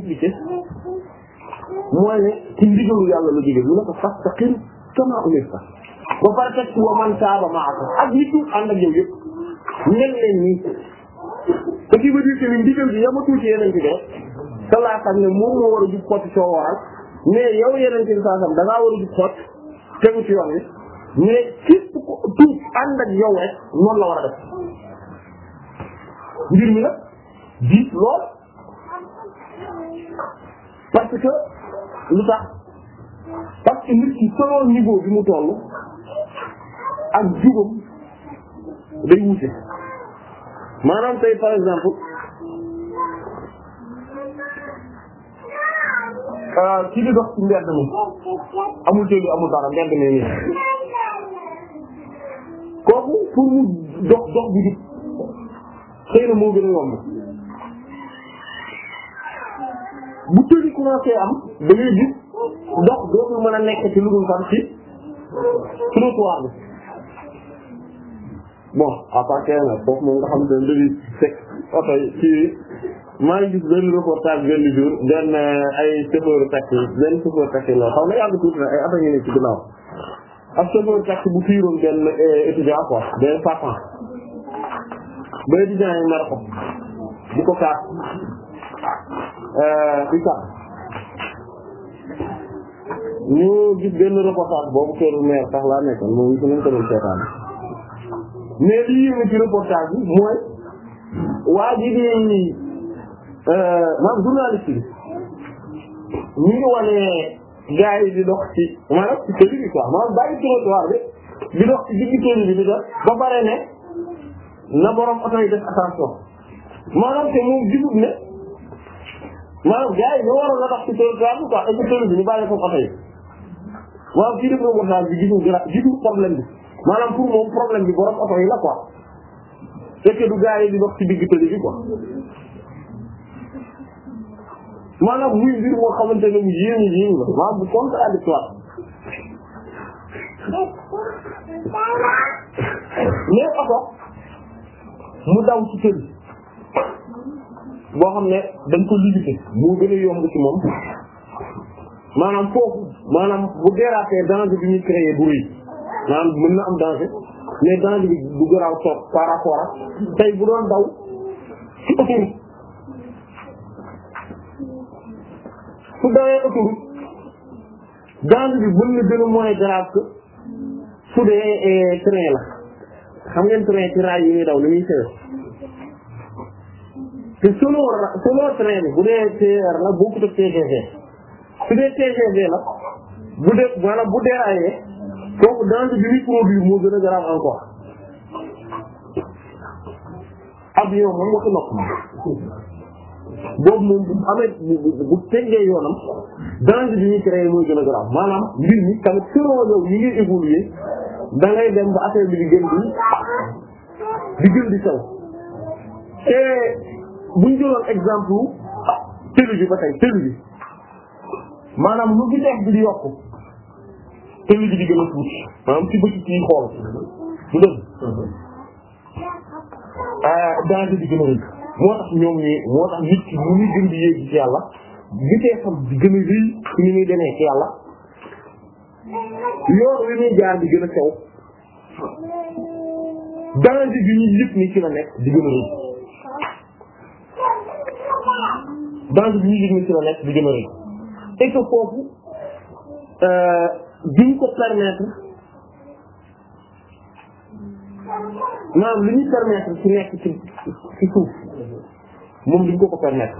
mooy ne ci ndigalu yàlla la jóge lu la ko fastaqim kama umirta ba pare wa man taaba ma'aka ak nit ñu ànd ak yow yëpp ngeen leen nii ce qui veut dire que ni ndigal bi yamatul ci yeneen bi de te laa xam ne moom moo war a jub xotti soo waral mais yow yeneen bi saa xam da war a jub xotti tegu ci yoon wi mais képp ko tuub ànd ak yow rek noonu la war a def mbir mi nag diis lool parce que lu nit ki selon niveau bi mu toll ak jubam day wute maanaam tey par exemple Euh, kii di dox ci mbedd mi amul tëli amul dara mbedd mi nii kooku pour mu dox dox bi di xëy na moo gën a yomb bu tëli commencé am da ngay gis dox dootul mën a nekk ci lu dul fan ci trottoir bi bon à part que nag foofu moom nga xam ne dañuy teg oto maa ngi gis benn reportage benn jour benn eh, ay chauffeur taxi benn chauffeur taxi la xaw na yàgg na ay at a ngi ne ci ginnaaw ab chauffeur taxi benn eh, étudiant quoi benn partant ba étudiant yi mer ko bu ko kaas eh, di benn reportage boobu kër maire sax laa nekkoon moom su nañ ko doon seetaan mais li yéeme ci reportage bi mooy waa ji di Euh, maanaam journaliste bi ñu ngi wane gars yi di dox ci maanaam ci kër yi quoi maanaam bàyyi trottoir bi di dox ci digg bi di dox ba pare ne na borom oto yi def attention maanaam te moom jubut ne maanaam gars yi ñu waroon a dox ci trottoir bi bi ñu bàyyi ko oto yi maanaam kii def reportage bi gisul dara gisul problème bi maanaam pour moom problème bi borom oto yi la quoi c'est que di dox ci digg bi quoi. maanaam muy moo xamante ne mu yéeme yéeme la maanaam bu contradictoire mais oto mu daw ci kër boo xam ne dañ ko limité moo gën a yomb moom maanaam foofu maanaam bu déraper danger bi ñuy créer bu rëy maanaam mën na am danger mais danger bi du garaaw par rapport ak bu doon daw su dawee autoroute gaz bi mën na gën a moins grave que su dee eh, train la xam ngeen train ci raay yi daw ni muy sew te selon selon train bi bu dee TER la bokkut ak TGV su dee TGV la bu dee maanaam bu déraillé kooku danger bi muy produit moo gën a grave encore avion moom waxi nopp boobu moom bu amee bu teggee yoonam danger bi ñuy créé mooy gën a maanaam mbir mi tamit selon yow yi ngay évoluer da dem ba affaire bi di gën di di gën di sew te buñ jëloon exemple tëlu bi ba maanaam lu ci def di yokku tëlu bi di gën maanaam ci bëccëg yi xool du dëgg mm-hmm. ah, danger bi gën a moo ñoom ñi moo nit ki mu ngi gën di yéeg ci yàlla vitesse am di gën a rëy ni muy demee ci yàlla yoon wi muy jaar di gën a sew danger bi ñuy yëpp ni ci la nekk di gën a rëy danger bi ñuy yëpp ni ci la nekk di gën a rëy et foofu euh, duñ ko permettre maanaam li ñu permettre ci nekk ci ci suuf moom duñ ko ko permettre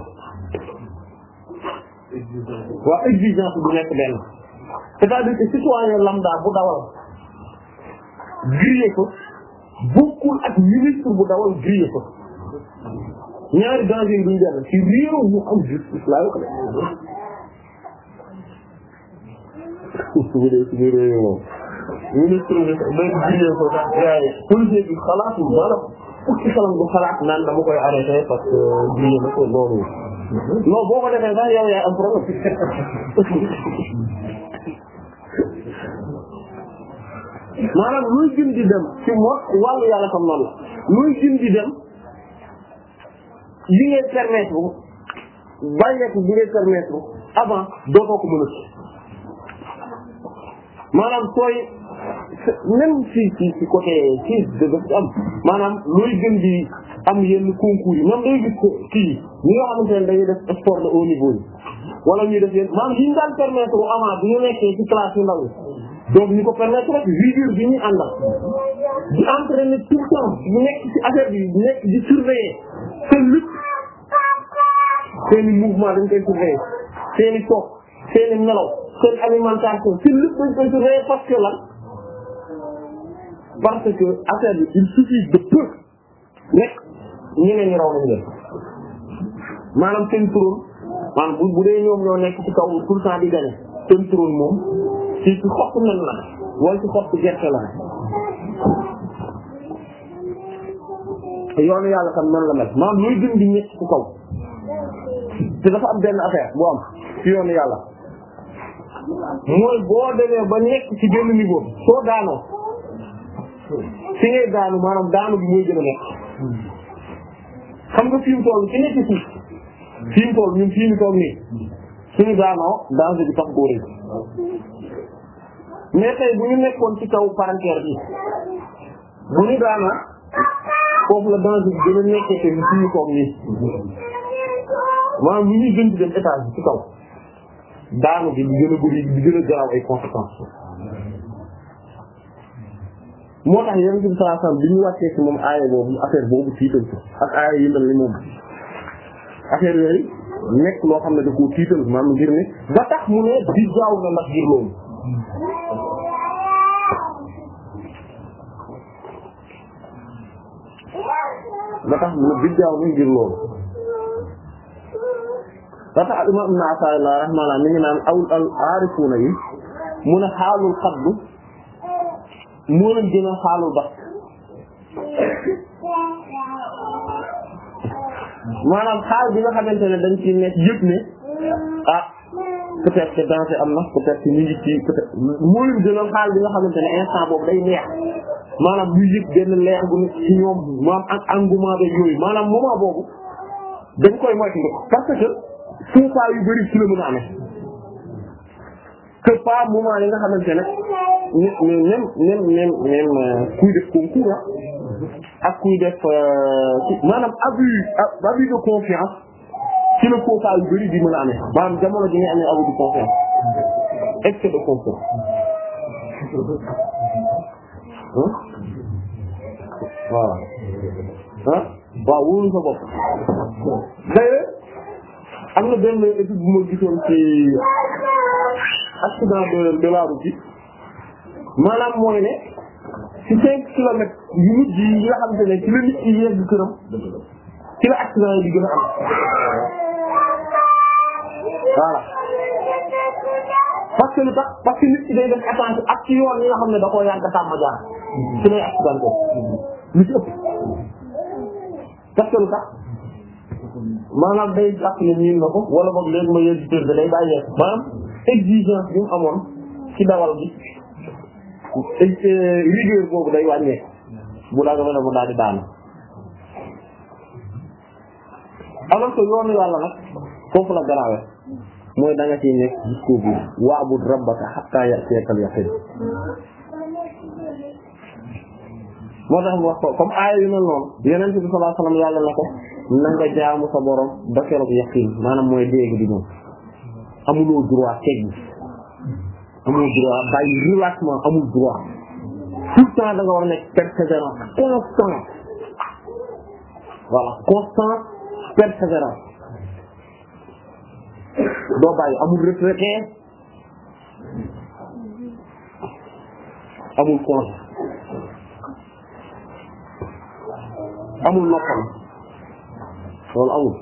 waaw exigence bu nekk benn c'est-à-dire que citoyen lambda bu dawal grillé ko bokkul ak ministre bu dawal grillé ko ñaari danger yi duñ benn ci réew mu am justice laa ko def suñu réew moom ministre bi day grillé ko ndax gars yi policier bi xalaatul maanaam ci xelam bu xalaat naan dama koy arrêté parce que lii la ko loolu non boo ko defee sax yow yaay am problème maanaam luy gën di dem ci mot wàllu yàlla tam noonu la luy gën di dem li ngay permettre bàyyeeku bi ngay permettre avant dootoo ko mën a maanaam sooy même si maanaam looy gën di am yenn concours yi même day gis kii ñi nga xamante dañuy def sport de haut niveau yi ñuy def yenn maanaam yi ñu daan permettre bu avant bi ñu nekkee ci classe yu ndaw yi donc ñu ko permettre rek rigueur bi ñuy àndal di entraîner tout le temps ñu nekk ci affaire bi ñu nekk di surveiller seen lutte seen i mouvement dañ koy surveiller seen i toog seen i seen alimentation seen lutte dañ koy surveiller parce que parce que affaire bi il suffit de rek ñeneen ñi raw nañ leen maanaam seen trône maanaam bu bu dee ñoom ñoo nekk ci kaw tout le temps di gagné seen trône moom ci ci xottu nen la wala ci xottu gerte la yoonu yàlla tam noonu la mel maanaam looy gën di ñett ci kaw te dafa am benn affaire bu am ci yoonu yàlla mooy boo demee ba nekk ci benn niveau soo daanoo fi ngay daanu maanaam daanu bi mooy gën a nekk xam nga fi mu toll fi nekk ci suuf mu toll ñun fii mu toll nii suñu daanoo danger bi tax koo rëy mais tey bu ñu nekkoon ci kaw parentière bi bu ñu daanoo foofu la danger bi gën a nekkee te bi ci kaw daanu bi di gën a bëri di gën ay conséquences moo tax yonent bi sallallahu bi ñu wàccee ci moom aaya boobu affaire boobu tiital ko ak aaya yi mel ni moom affaire yooyu nekk loo xam ne da koo tiital maam ngir ne ba tax mu ne di gaaw na ngir loolu ba tax mu ne di na ngir loolu ba tax mi ngi naan awul al aarifuna yi mu ne xaalul xaddu moo leen gën a xaalul ba maanaam xaal bi nga xamante ne dañ ci nekk yëpp ne ah peut-être que am na peut-être que ngi ci peut moo leen gën a xaal bi nga xamante ne instant boobu day neex maanaam musique benn leer bu nekk ci ñoom maam ak engouement de yooyu maanaam moment boobu dañ koy moytu parce que suufaa yu bëri ci la mën a amee que pas moment yi nga xamante ne mais même même même même euh, kuy def concours ak kuy def euh, maanaam abus abus de confiance ci la foofa yu bëri di mën a amee maanaam jamono ji nga amee abus de confiance excès de confiance. voilà ah waaw wóolu sa bopp d'ailleurs am na benn étude bu ma gisoon de de la maanaam mooy ne ci cinq kilomètres yu mujj yi nga xamante ne ci la nit yi yegg këram ci la accident yi di gën a am voilà parce que lu tax parce que nit ki day def attente ak ci yoon yi nga xam ne da koo yàgg sàmm jaar ci lay accident ko lu ci ëpp parce que lu tax maanaam day jàpp ne miin na ko wala boog léegi ma yegg kër ga day bàyyi maanaam exigence bi mu amoon ci dawal bi Euh, rigueur boobu day wàññeeku bu daa gama ne mu daal di daanu alors que yoonu yàlla nag foofu la garaawe mooy da nga ciy nekk jusqu'au bout wa'bud rabbaka hatta ya'tiyakal yaqin moo tax mu wax ko comme aaya yu na ko na nga jaamu sa borom ba keroog yaqin mooy déegi di ñëw amuloo droit teggi amul droit bàyyi relâchement amul droit tout le temps da nga war a nekk persévérance constance voilà constance persévérance doo bàyyi amul retraité amul congé amul noppal loolu amul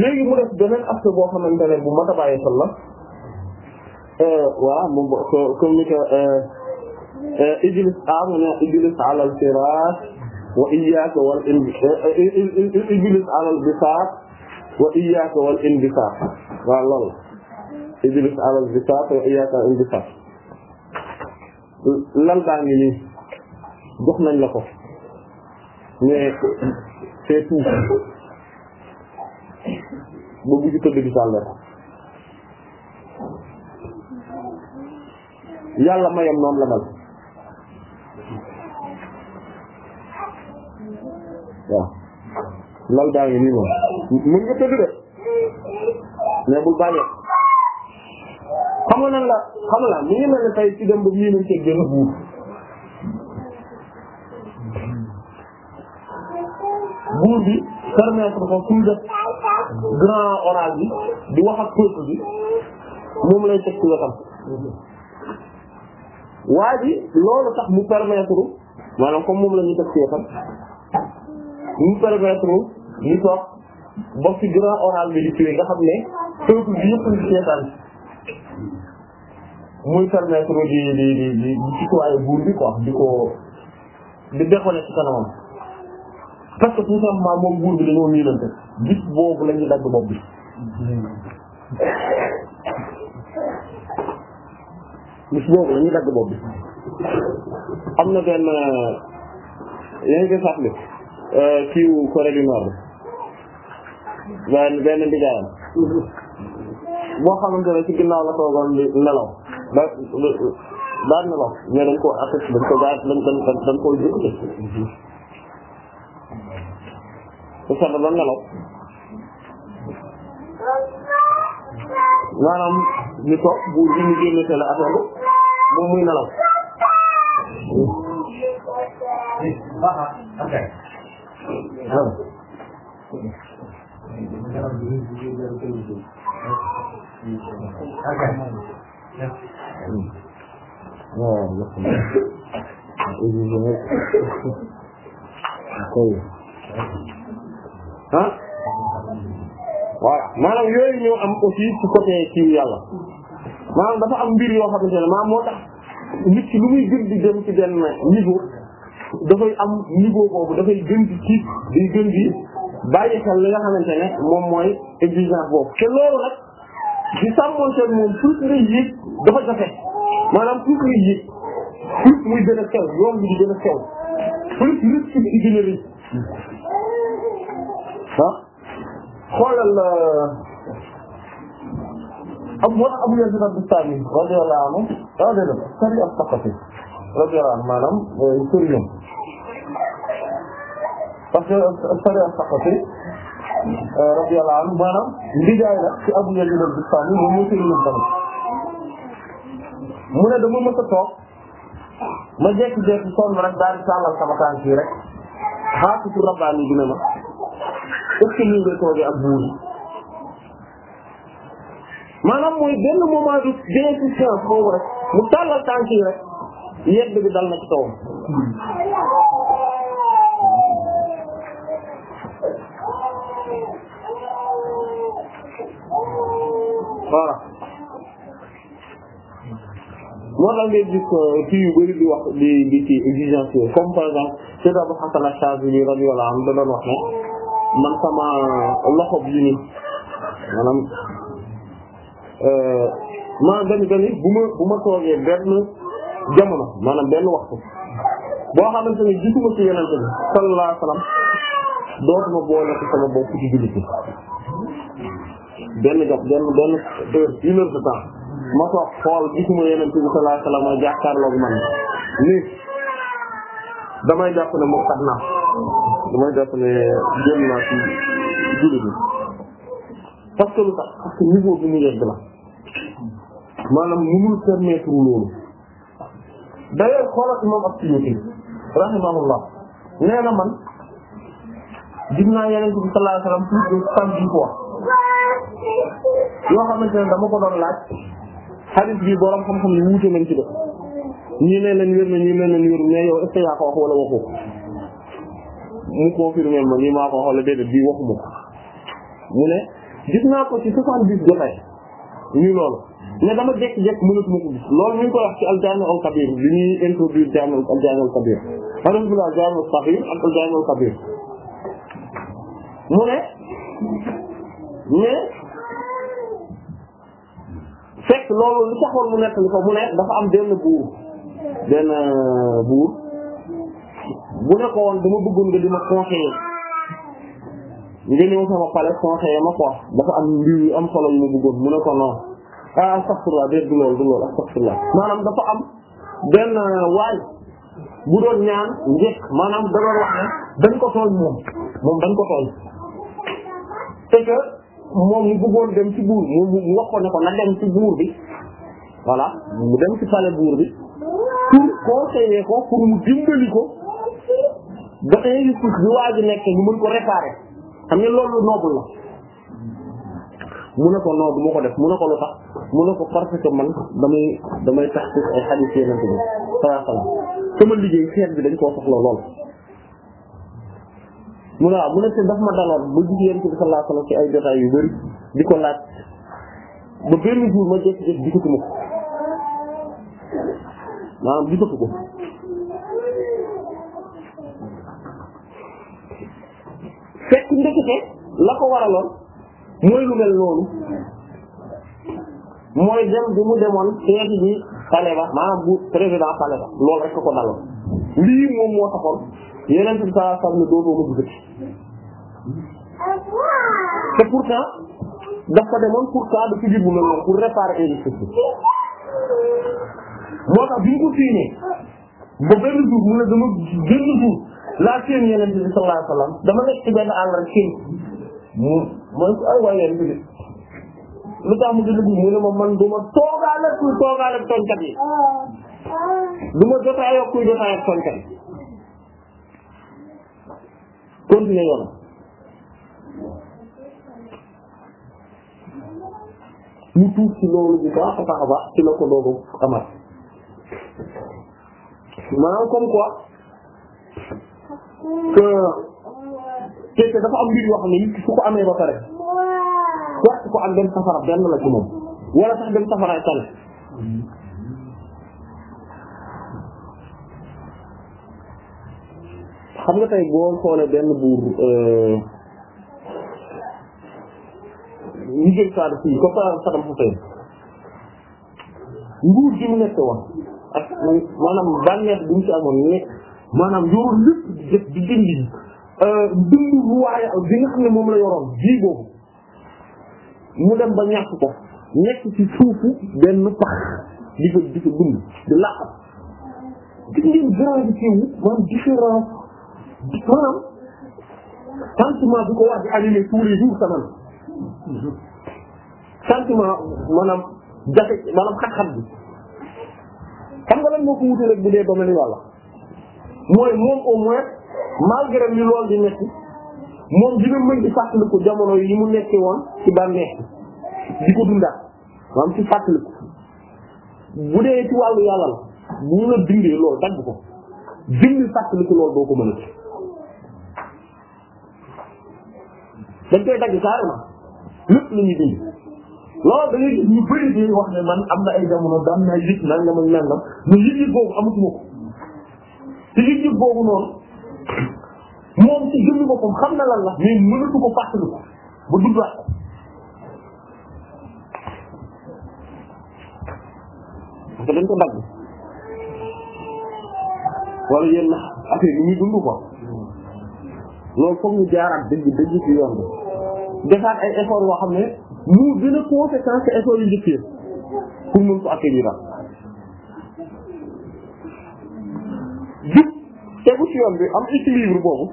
léegi mu def beneen acte boo xamante ne bu mat a bàyyi xel la waaw euh, moom comme ni ko euh, euh, ijlis a ah, mu ne ijlis alal firaas wa iyyaaka wal ijlis alal bisaat wa iyyaaka wal inbisaat waaw loolu ijlis alal bisaat wa iyyaaka wal inbisaat lan daa ngi nii jox nañ la ko mais c'est tout ba bu ci tëdd di sàlleeku yàlla mayam noonu la mel waaw lal daa ngi nii moom mën nga tëdd de mais bul bàyyi xam nga la xam nga la ne tey ci dem ba mii nañ ceeg génn buur buur bi permettre ko kuy grand oral bi di wax ak peuple bi moom lay teg ci wetam waa ji loolu tax mu permettre maanaam comme moom la ñuy teg ci wetam mu permettre ñu toog ba ci grand oral bi di tuye nga xam ne peuple bi yëpp ñu seetaan muy permettre di di di di di citoyen buur bi quoi di ko di décoller ci kanamam parce que tout moom buur bi dañoo niinante gis boobu la ñuy dagg bopp gis boobu la dagg bopp bi am na benn yaa ngi koy fàttali kiiw Corée du Nord benn benn ndigaayam boo xamante ne ci ginnaaw la toogoon di nelaw daa daa nelaw mais dañ koo affecté dañ ko gaa dañ dañ dañ koo jëkkate bu sonn doon nelaw maanaam ñu toog bu julli génn seen affaire moom muy nelaw Okay. ah voilà maanaam yooyu ñoo am aussi ci côté ci yàlla maanaam dafa am mbir yoo xamante ne moo tax nit ki lu muy gën di ci benn niveau dafay am niveau boobu dafay gën di ci day gën di bàyyi li nga xamante ne moom mooy exigence boobu te loolu nag di sàmmonteel moom plus ngay yéeg dafa jafe maanaam plus ngay yéeg plus muy gën a sew yoon bi di gën a sew plus risque bi ah xoolal euh, ab wala Abu Yazid al-Bistami radiyallahu anhu ah déedéet Sari as-Saqafi radiyallahu anhu maanaam euh, sëriñam parce que euh, Sari as-Saqafi radiyallahu anhu maanaam ndijaay la ci Abu Yazid al-Bistami moom mooy sëriñam tamit mu ne dama mës a toog ma jékki-jékki sonn rek daal di sàllal sama tànk yi rek xaatitu rabbaani bi ne ma. est-ce que ñu ngi toogee ak buur maanaam mooy benn moment bi d'insistance boobu rek mu tàllal tànk yi rek yedd bi dal na ci kawam voilà moo tax ngay gis euh, kii yu bari di wax di di ci exigence comme par exemple Seydou Abou Hassan Ash-Shazili radiyallahu anhu da doon wax ne man sama loxo bi nii maanaam maanaam dañu dañu bu ma bu ma toogee benn jamono maanaam benn waxtu boo xamante ne gisuma ci yeneen bi sallallahu alayhi wa sallam dootuma boole sama bopp ci bi benn jàpp benn benn heure une heure de temps ma toog xool gisuma yeneen bi sallallahu alayhi wa sallam ma jàkkaarloog man nii damay jàpp ne moom kat naa damay jàpp ne jëm naa ci jullit bi parce que lu tax parce que niveau bi la maanaam mënul permettre loolu d'ailleurs xoolal imam As-Suyuti rahimahullah man gis naa yeneen bi sallallahu alayhi wasallam plus de soixante-dix fois yoo xamante ne dama ko doon laaj hadith bi borom xam-xam ne na nañ ci def ñii ne na ñii ne leen wér mais yow est yaa ko wax wala waxoo mu confirmé ma nii maa ko xoolee déedéet bii waxuma mu ne gis naa ko ci soixante dix jotaay ñu loolu mais dama jékki-jékki mënatuma ko gis loolu ñu koy wax ci al-Jaami' al-Kabiir li ñuy introduire Jaami' al-Jaami' al-Kabiir alhamdulilah Jaami' al-Saxiir ak al-Jaami' al mu ne mais fekk loolu li taxoon mu nekk li mu ne dafa am benn buur benn buur. bu ne dama bëggoon nga di ma conseiller nga ñëw dafa am mbir am solo yu ma bëggoon mu ne ko non ah astaghfirullah déet du loolu du loolu astaghfirullah maanaam dafa am benn waay bu ñaan njëkk maanaam da doon wax dañ ko tooñ moom moom dañ ko tooñ te moom mu bëggoon dem ci buur mu wax ko ne ko na dem ci buur bi voilà mu dem ci palais buur bi pour conseiller ko pour dimbali ko dafa yëngu suuf bi waa ji nekk ñu mën ko réparer xam ne loolu noble la mu ne ko non du ma ko def mu ne ko lu tax mu ne ko parce que man damay damay tax ci ay xadiis Yonent sama liggéey xeet bi dañ koo soxla lool. mu ne waaw mu ne te daf ma daloon ba gis Yonent bi sallallahu alayhi wasallam ci ay jotaay yu bari di ko laaj ba benn jour ma jékki-jékki gisatu ma ko maanaam gisatu ko. fekk ndekete la ko waraloon mooy lu mel noonu mooy dem bu mu demoon seeti bi palais ba maanaam bu président palais ba loolu rek ko daloon lii moom moo taxoon yeneen bi sallallahu alayhi wasallam dootoo ko gisati te pourtant dafa demoon pourtant de figure bu mel pour réparer injustice moo tax bi ñu ko fiinee ba benn jour mu ne dama benn jour laa seen yeneen bi sallallahu alayhi wa sallam dama nekk ci benn àll mu ma ne ko ay waay yéen tax mu di dugg mu ne ma man du ma toogaale kuy toogaale tonkat yi du ma jotaayoo kuy jotaayoo tonkat yi continuer yoon ñu tuuf ci loolu bu baax a baax a baax ci la ko que te dafa am mbir ko amee ba pare waxtu ko am dem safara benn la ci moom wala sax dem safara tan xam nga tey boo xoolee benn buur ñu jël Sadio Sy comme ça Saddam Hussein nguur gi mu nekk woon ak maanaam bànneex bu mu ci amoon ne maanaam yorul lépp def di dindi euh, dundu ruwaaya bi nga xam ne moom la yoroon bii boobu mu dem ba ñàkk ko nekk ci suufu benn pax di ko di ko dund di laqat gis ngeen gravité wu maanaam différence maanaam sentiment xat-xat bi xam nga lan moo ko wutee rek bu dee domaine wàlla mooy moom au moins malgré li loolu di nekk moom dina mën di fàttaliku jamono yi mu nekkee woon ci bànneex di ko dundaat maanaam ci fàttaliku bu dee ci wàllu yàlla la bu ñu la dindee loolu dagg ko dindi m loolu doo ko mën a ci dañ koy dagg carrément lépp la ñuy dindi loolu da ngay gis ñu bëri di wax ne man am na ay jamono daan naa yëg nangam ak nangam mais yëg-yëg boobu amatuma ko te yëg boobu noonu moom ci jëmmi boppam xam na lan la mais mënatu ko fàttali ko ba duggaat ko parce que dañ ko dagg wala yenn affaire yi ñuy dund ko loolu foog ñu jaaraat dëgg dëgg ci yoon bi defaat ay effort yoo xam ne mu gën a conséquence effort yu njëkk pour mën ko accueillir tegu ci yoon bi am équilibre boobu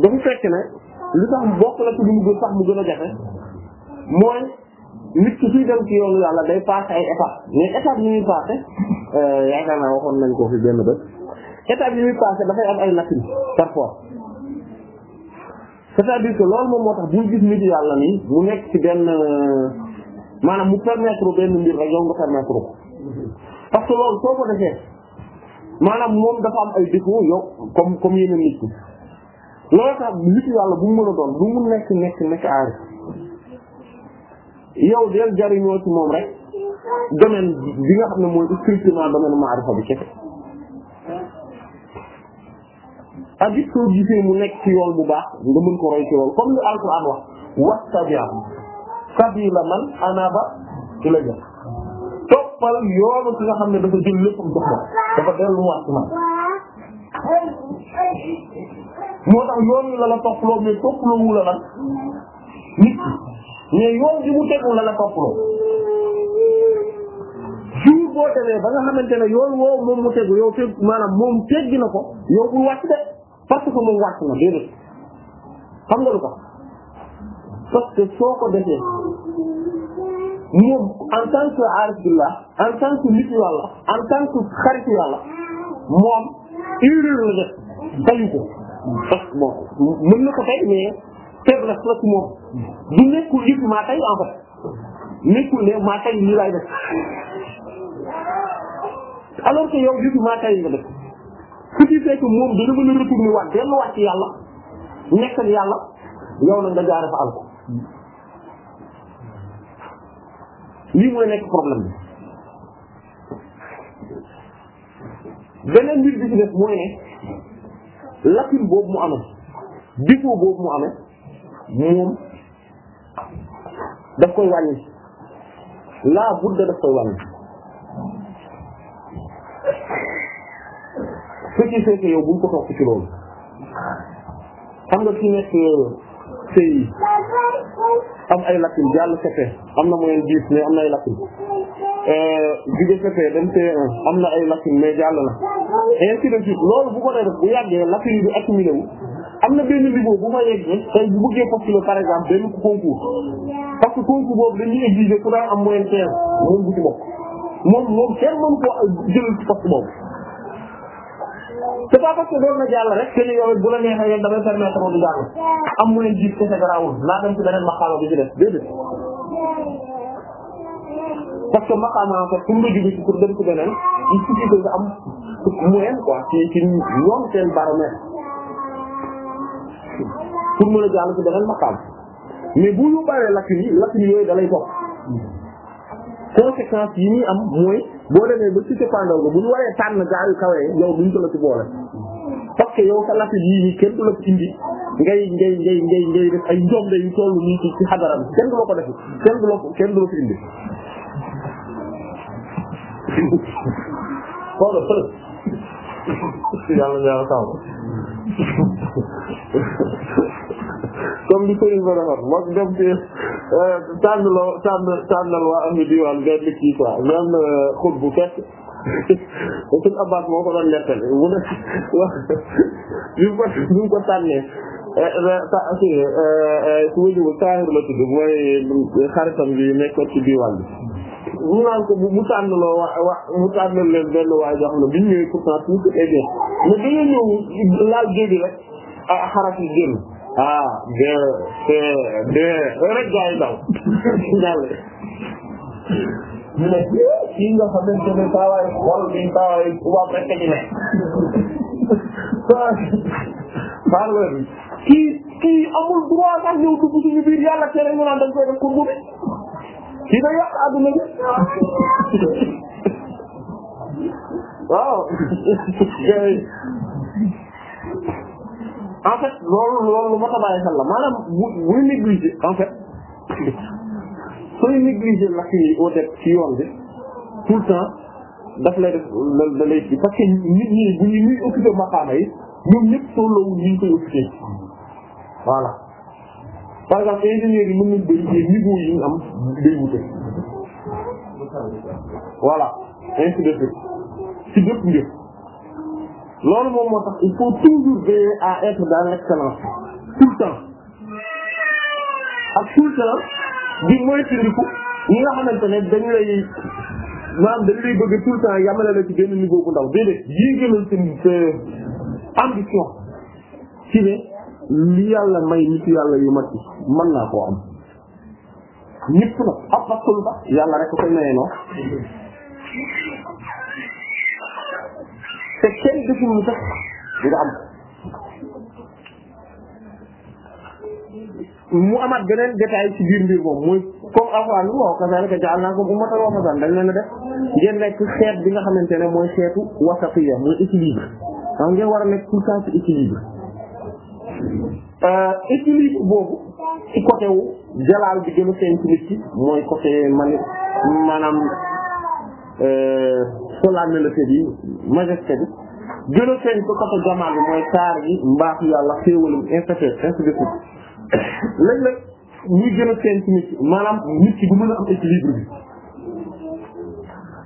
dafa fekk na li tax bokk la ci li mu gën tax mu gën a jafe mooy nit ki suy dem ci yoonu yàlla day passé ay étapes mais étapes yi ñuy passé euh, yaakaar naa waxoon nañ ko fi benn bés étapes yi ñuy passé dafay am ay lacunes parfois c'est-à-dire que loolu moom moo tax buñ gis nit yàlla nii mu nekk ci benn euh, maanaam mu permettre benn mbir rek yow nga permettre ko parce que loolu soo ko defee maanaam moom dafa am ay défauts yow comme comme yeneen nit ñi loolu tax nit yàlla bu mu mën a doon bu mu nekk nekk nekk aari yow del jariñoo ci moom rek domaine bi nga xam ne mooy strictement domaine maarifa bi kese ak it soo gisee mu nekk ci yoon bu baax nga mën ko roy ci loolu comme li alquran wax wattabi' sabila man anaba ilayya toppal yoonu ki nga xam ne dafa di léppam jox ma dafa delluwaat ci man moo tax yoon la la toppaloo mais toppaloo wu la nag nit mais yoon bi mu tegu la la toppaloo jour boo demee ba nga xamante ne yoon woowu moom mu tegu yow teg maanaam moom teggi na ko yow bul wàcc de parce que moom ko parce que soo ko defee moom en tant que aarif billah en nit yàlla en tant que xaritu moom erreur la def bayu ko parce que bon mën na ko tey mais la ci moom du nekkul it maa tey en nekkul ne maa tey lii laay def yow it maa tey nga def su ci fekk moom dana mën a retourner waat delluwaat ci yàlla nekkal yàlla yow nag nga jaaree lii mooy nekk problème bi beneen mbir bi ci def mooy ne lacune boobu mu amee défaut boobu mu amee moom daf koy wàññi laa budda daf koy wàññi ce qui fait que ko topp ci loolu xam nga ki nekk sëy yi am ay lakkin jàll CP am na moyen dix mais am na ay lakkin euh, jóge CP dem T1 am na ay lakkin mais jàll na ainsi de loolu bu ko dee def bu yàggee lakkin yi du accumulé wu am na benn niveau bu ma yegg tey bu bëggee postuler par exemple benn concours parce que concours boobu dañuy exiger ku daan am moyen T1 moom du ci bokk moom moom kenn mënu koo jël ci poste boobu c'est pas parce que na jàll rek que ni yow bu la neexee rek damay permettre du jàll am mu ne jiit kese garaawul naa dem ci beneen maqaama bi ci def déedéet parce que maqaama en fait pour nga dem ci beneen il suffit que nga am moyen ko ci ci ñoom seen baromètre pour mën a jàll ci beneen maqaama mais bu ñu bàyyee lakk yi lakk yooyu da lay conséquence yi muy am mooy boo demee ba ci pandaw ga bu ñu waree tànn gaa yu kawe yow duñ ko la ci boole parce que sa lafi yii nii kenn du la indi ngay ngay ngay ngay ngay def ay njombe yu toll nii ci ci xadara bi kenn du la ko defi kenn du la kenn du la ci indi xoolal yàlla yàlla comme li Serigne ba defoon moom dem ci tànn loo tànn tànnal waa am diwaan benn kii quoi même euh, xut bu fekk suñ abbas moo ko doon nettali mu ne wax bi mu ko bi mu ko tànnee euh, euh, si su ma jubul Tahir la tudd mooy xaritam bi nekkoon ci diwaan bi mu naan ko mu tànn loo wa wa mu tànnal leen benn waa joo xam ne biñ ñëwee pourtant tout est bien mais dañoo ñëw laal jébi rek ah xarat yi génn ah de de de rek gaa yi daw dalle ñu ne kii nga xamante ne saawaay xol bi saawaay tubaab rek ñu ne parleur bi kii kii amul droit sax ñëw dugg suñu biir yàlla tere ñu naan dañ koy def pour mu kii da yàq àdduna bi waaw en fait loolu loolu lu ma tabaayee xel la maanaam bu bu négligé en fait sooy négligé lakk yi au def ci yoon bi tout le temps daf lay def da lay ci parce que nit ñi bu ñu ñuy occupé maqaama yi ñoom ñëpp soolowuñ ñu ngi koy occupé voilà par exemple ingénieurs yi mën nañ bay ci niveau yi ñu am day wute voilà ainsi de suite ci bépp mbir loolu moom moo tax il faut toujours veiller à être dans l'excellence tout le temps tout le di moytandiku ñi nga xamante ne dañu lay maanaam dañu lay bëgg tout le temps yamale la ci benn niveau bu ndaw déedéet yéegalal seen ambition ci ne li yàlla may nit yàlla yu mat yi mën naa koo am ñëpp nag ab parce que lu tax yàlla ko koy mayee noonu te kenn deful lu sax dina am mu amaat beneen détail ci biir mbir moom muy comme alxuraan bi waaw kazaalika ja'alnaakum ummatan wasatan dañ leen a def ngeen nekk xeet bi nga xamante ne mooy xeetu wasatiya muy équilibre xam ngeen war a nekk tout le ci équilibre euh, équilibre boobu ci jalaal bi gën a feeñ nit ki mooy côté mani maanaam euh, solennalité bi majesté bi gën a feeñ ko côté jamono bi mooy taar bi mbaaxu yàlla xéewalum infété ainsi de suite léeg-léeg ñuy gën a feeñ ci nit maanaam nit ki du mën a am équilibre bi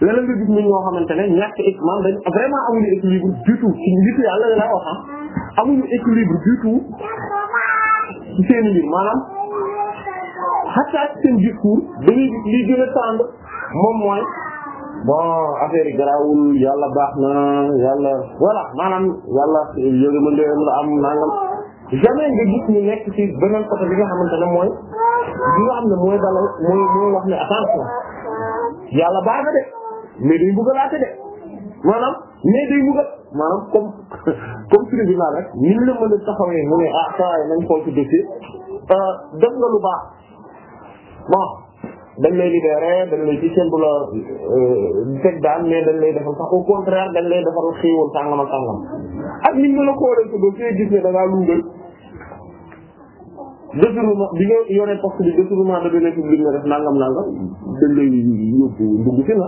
leneen nga gis ñun ñoo xamante ne ñàkk équilibre dañ vraiment amuñu équilibre du tout ah. équilibre du tout seen mbir maanaam xataa ci seen discours dañuy gis liy gën a tàng moom mooy bon affaire yi garaawul yàlla baax na yàlla voilà maanaam yàlla yëngu mën na am nangam jamais nga gis ñu nekk ci beneen côté bi nga xamante ne mooy bi nga xam ne mooy dalal mooy mooy wax ne attention yàlla baax na de mais day bëgg de maanaam mais day bëgg a maanaam comme comme tribunal rek ni ñu la mën a taxawee mu ne ah saa nañ xool ci dossier euh, def nga lu baax dañ lay libéré ci kenn la euh, teg daan mais dañ defal sax au contraire dañ defal xiiwul sàngam ak sàngam ak ni ñu la ko waree tudd fee gis ne bi nga yore poste bi détournement de def nangam nangam dañ lay yóbbu ndugg na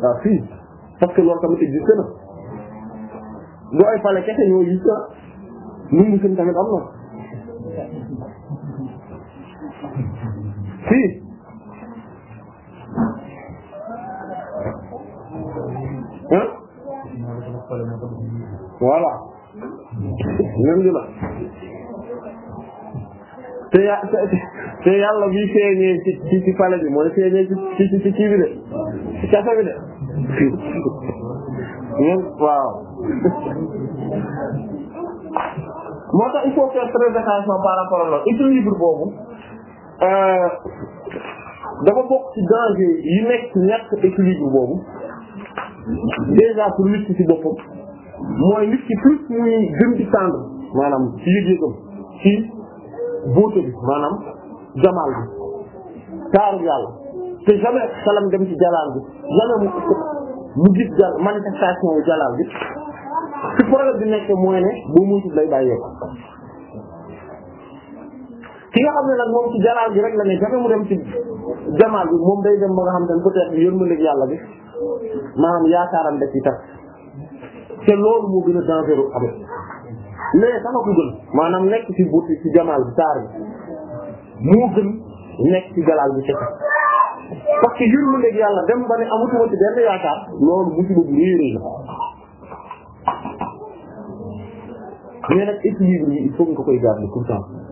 waaw ah, fii parce que loolu tamit existe na bu ay fale kese ñoo gis ah ñun ñu tamit am na. fii ¿Eh? voilà même ñu la te ya te yàlla bi feeñee ci ci ci pale bi mooy feeñee ci ci ci kii bi de ci kasa bi de ñun waaw moo tax il faut faire très attention par rapport à loolu équilibre boobu Euh, dafa bokk ci danger yi nekk ñàkk équilibre boobu déjà pour nit ki ci boppam mooy nit ki plus muy gën di tendre maanaam ci yëg-yëgam ci beauté bi maanaam jamaal bi taaru yàlla te jamais xelam dem ci jalaal bi jamais mu gis jal manifestation yu jalaal bi ci problème bi nekk mooy ne boo moytu lay bàyyeeku ki nga xam ne nag moom ci jalaal bi rek la ne jafe mu dem ci jamaal bi moom day dem ba nga xam ne peut-être yërmandeeg yàlla bi maanaam yaakaaram da ci tax te loolu moo gën a dangereux am maanaam nekk ci buuti ci jamaal bi taar bi moo gën nekk ci jalaal bi kese parce que yërmandeeg yàlla dem ba ne amatuma ci benn yaakaar loolu musiba bu rëy rëy la nag équilibre yi il faut nga koy garder tout le temps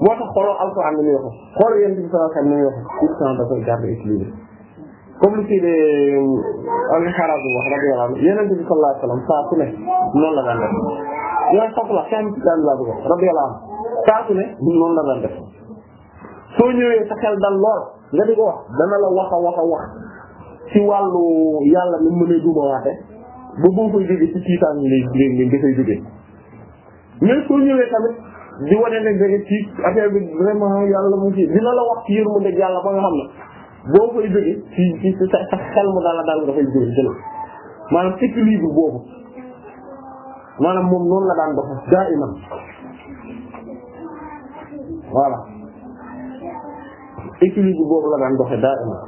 moo tax xooloo alxuraan ni muy waxee xooloo yéen bi sallallahu alayhi wasallam ni muy waxee tout da koy garder comme li ci de euh, alxarab bi wax radiyallahu anhu yéen bi sallallahu alayhi wasallam saa su ne noonu la daan def yooyu foofu la kenn ci daan laa bëgg radiyallahu anhu saa su ne noonu la daan soo ñëwee sa xel dal lool nga di ko wax dana la wax a wax a wax ci wàllu yàlla ni mu ne dumawaate ba boo koy jógee ci tiitaan li lay lay dafay jógee soo ñëwee tamit. di wane ne nga ci affaire bi vraiment yàlla mu ci dina la wax ci yërmande yàlla ba nga xam ne boo koy jógee ci ci sa sa xel mu daal la daal nga fay jógee jël maanaam équilibre boobu maanaam moom noonu la daan dox daa iman voilà équilibre boobu la daan doxe daa iman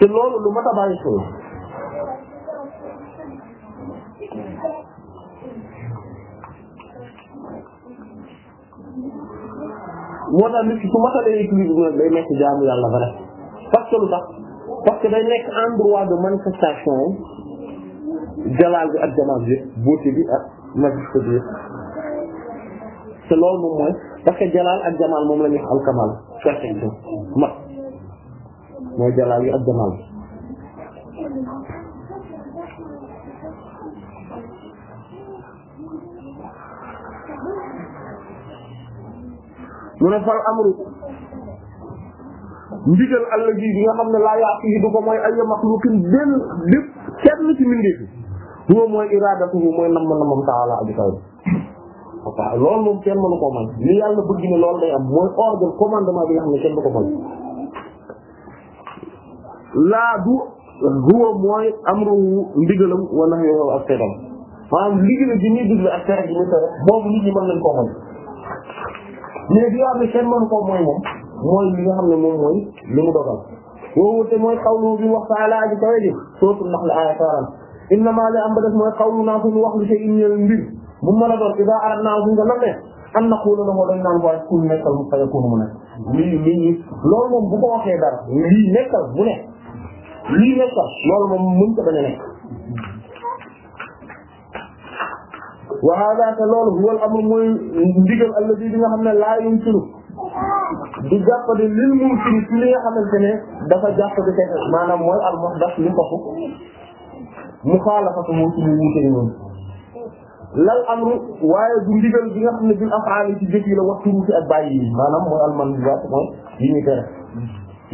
te loolu lu mat a bàyyi xel moo tax nit ki su matalee équilibre nag day nekk jaamu yàlla ba rek parce lu tax parce day nekk endroit de manifestation jalaal bi ak jamaal bi yëpp beauté bi ak majesté bi yëpp te loolu moom mooy parce que jalaal ak jamaal moom la ñuy mat mooy jalaal bi ak jamaal mu ne fal amru ndigal allah ji bi nga xam ne laa yàq yi du ko mooy ay maxluqin benn bépp kenn ci mbindeef bi moom mooy iradatu mooy nam namam taala aji kaw waaw loolu moom kenn mënu koo man li yàlla bëgg ne loolu day am mooy ordre commandement bi nga xam ne kenn du ko man laa du huwa mooy amru ndigalam wala yow ak teeram maanaam liggéey bi ñuy digle ak tere bi ñuy tere boobu nit ñi mën nañ koo man ñu ne bi nga xam ne kenn mënu ko mooy moom mooy li nga xam ne moom li mu dogal woowu te mooy xawlu wax taala aji kawe ji sootu ndax la aaya saaran innama li am ba des mooy wax lu see ñëw a doon ida arat naa suñ ko nandee na xuula la moo dañ naan waaye kun nekkal mu fay kun mu nekk lii lii lii loolu moom bu ko waxee dara lii nekkal bu ne lii nekkal loolu moom mën ko bañ wa hada te loolu wal amru mooy ndigal alladi bi nga xam ne laa yumkinu du jàppale lil mumkin ci li nga xamante ne dafa jàppale tey maanaam mooy al muhdath li foofu mu xaalafatu moo ci mu wuute ñoom lal amru waaye du ndigal bi nga xam ne bil af'aali ci jëf yi la waxtu ruuti ak bàyyi yi maanaam mooy al mandubaat mooy yi ñu tere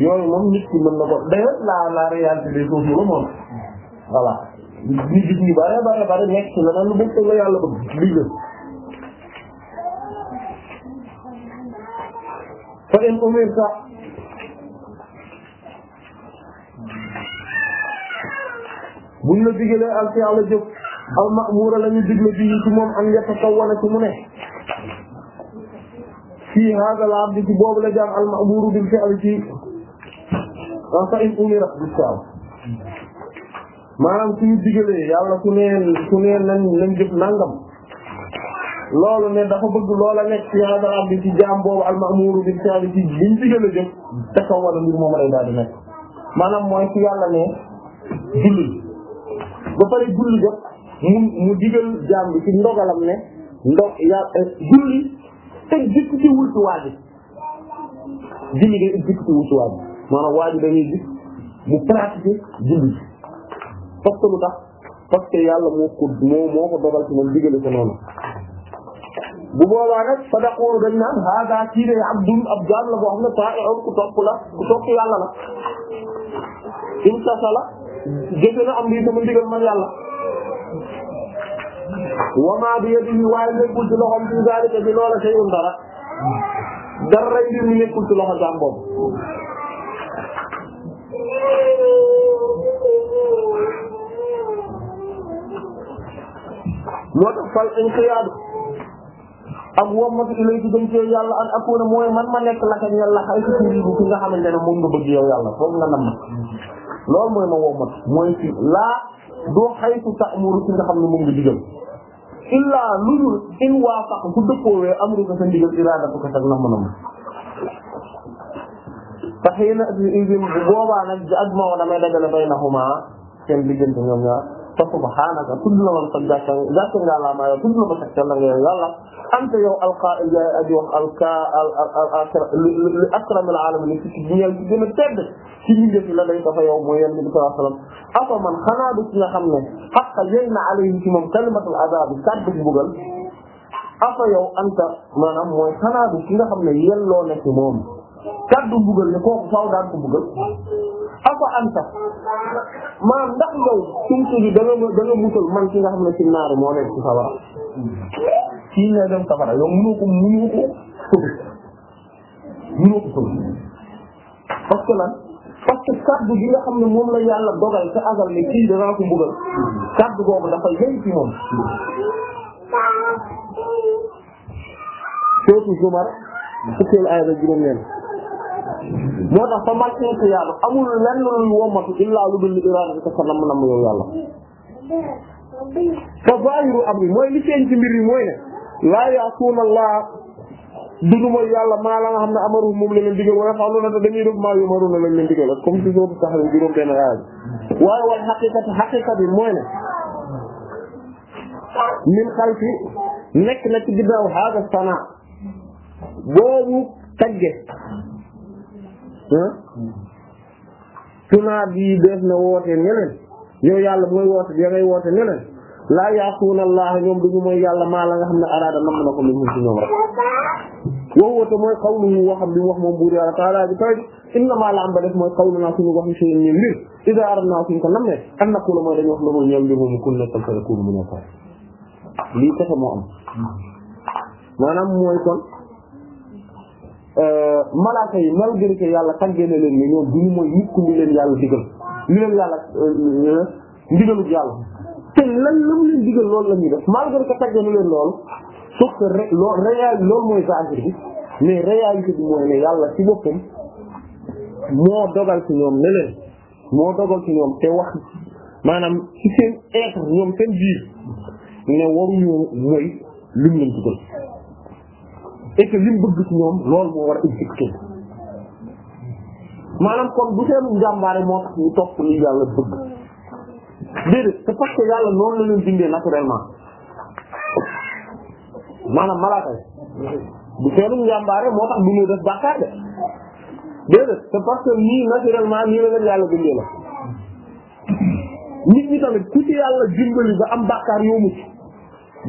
yooyu moom nit ki mën na ko d'ailleurs la la réalité des choses la moom voilà. di gis ñu bare bare bare nekk ci leneen lu bëgg la yàlla bëgg lii la fa in umirta buñ la digalee al ma'mura la ñu digle bii ci moom an ne fii hada abdi ci boobu la jaam al ma'muru bil fi'li ci fa umira bis fi'l maanaam suñu digalee yàlla ku nee ku nee nañ nañ jëf nangam loolu ne dafa bëgg loola nekk ci xadaraat bi ci jaam boobu almamuru bi sali ci liñ digale jëf te kaw wala mbir moom lay daal di nekk maanaam mooy ci yàlla ne julli ba pare julli jot mu mu digal jaam bi ci ndogalam ne ndog yàlla julli exécuté wul ci waa ji julli day exécuté ci waa ji maanaam waa ji dañuy gis mu pratiquer julli parce que lu tax parce que yàlla moo ko moo moo ko dogal ci moom digale ko noonu bu boobaa nag sadaqoolu dañ naan hada kii de abdun ab jaam la boo xam ne ta'i'un ku topp la ku topp yàlla la imtasala jëfe na am lii sama ndigal man yàlla wama bi na waaye nekkul ci loxom bi zalika bi loola shay'un dara dara mbir mi nekkul ci loxo jaam moo tax fal inqiyaadu ak wommat ilay ci jëm ci yàlla an akuna mooy man ma nekk laka i la xay ci biir fi nga xamante ne moom nga bëgg yow yàlla foofu nga nam loolu mooy ma wommat mooy ci laa doo xaytu ta'muru ci nga xam ne moom nga digal illaa lu dul in waafaq bu dëppoowee amru ko sa ndigal iraadatu ko sa nam nam tax yéen a boobaa nag ji adma damay dajale bay naxuma seen diggante ñoom ñaar fa subhaanaka tudd la woon sa gàcce gàcce nga la ma yow tudd la ma sax la nga yàlla anta yow alqaa'il yaay aji wax alka al al akram li akram al alamin ci ñeel ci gën a tedd ci mbindeef yi la day dafa yow mooy yonent bi sallallahu alayhi wasallam afa man xanaa du ci nga xam ne xaqa yey na alayhi ci moom kalimatul azab kàddu mbugal afa yow anta maanaam mooy xanaa du ci nga xam ne yelloo na ci moom kàddu mbugal ne kooku faaw daan ko mbugal afa anta maam ndax yow tumtu bi da nga da nga musal man ki nga xam ne ci naaru moo nekk ci safara kii nga dem safara yow mënoo ko mënoo ko sóobu mënoo lan parce que kaddu nga xam ne moom la yàlla dogal te azal ne kii danaa ko mbugal kaddu googu dafa yëngu ci moom. surtout Zumar fukkeel aaya la juróom-ñeent moo tax fa man inqiyaadu amul lenn lu ñu wommatu illaa lu dul iraada bi ko sa namm yow yàlla fa zaahiru amri mooy li feeñ ci mbir mooy ne laa yaasuuna allah duñu mooy yàlla maa la nga xam ne amaru moom la leen digal wala faalu na te dañuy maa yu maru na lañ leen digal comme si soo tax juróom benn aaya waaye wal xaqiiqati xaqiiqa mooy ne min xalfi nekk na ci ginnaaw hada boobu tagge tunaa bii def na woote ñeneen yow yàlla mooy woote bi ngay woote ñeneen laa yaasuuna allah ñoom duñu mooy yàlla maa la nga xam ne araada nam na ko li mu ci ñoom rek wax woote mooy xawluhu wax moom buur yàlla taala bi tawit inna maa la am ba def mooy xawlu naa suñu wax si ñun mbir ida arab naa suñ ko nam ne an na kula mooy dañu wax loolu ñoom mbir moomu kun nekkal fa yakunu mu nekkal lii kese moo am maanaam mooy kon Euh, malaaka yi malgré que yàlla tàggee na leen ni ñoom du ñu mooy mukk leen yàlla digal li leen yàlla euh, ndigalu yàlla te lan la mu leen digal loolu la ñuy def malgré que tàggee na leen loolu sauf que ré loolu réa loolu mooy zahir bi mais réalité bi mooy ne yàlla ci boppam moo dogal ci ñoom ne leen moo dogal ci ñoom te wax maanaam ci seen être ñoom seen biir ne waruñu mooy lim lañ digal et que lim bëgg moo war a exécuté maanaam kon bu seen njàmbaare moo tax ñu topp li yàlla bëgg déedéet c'est parce que yàlla noonu la leen bindee naturellement maanaam malaaka yi bu seenu njàmbaare moo tax duñu def bàkkaar de déedéet c'est parce que nii naturellement nii la leen yàlla bindee la nit ñi tamit ku ci yàlla dimbali ba am bàkkaar yoo mucc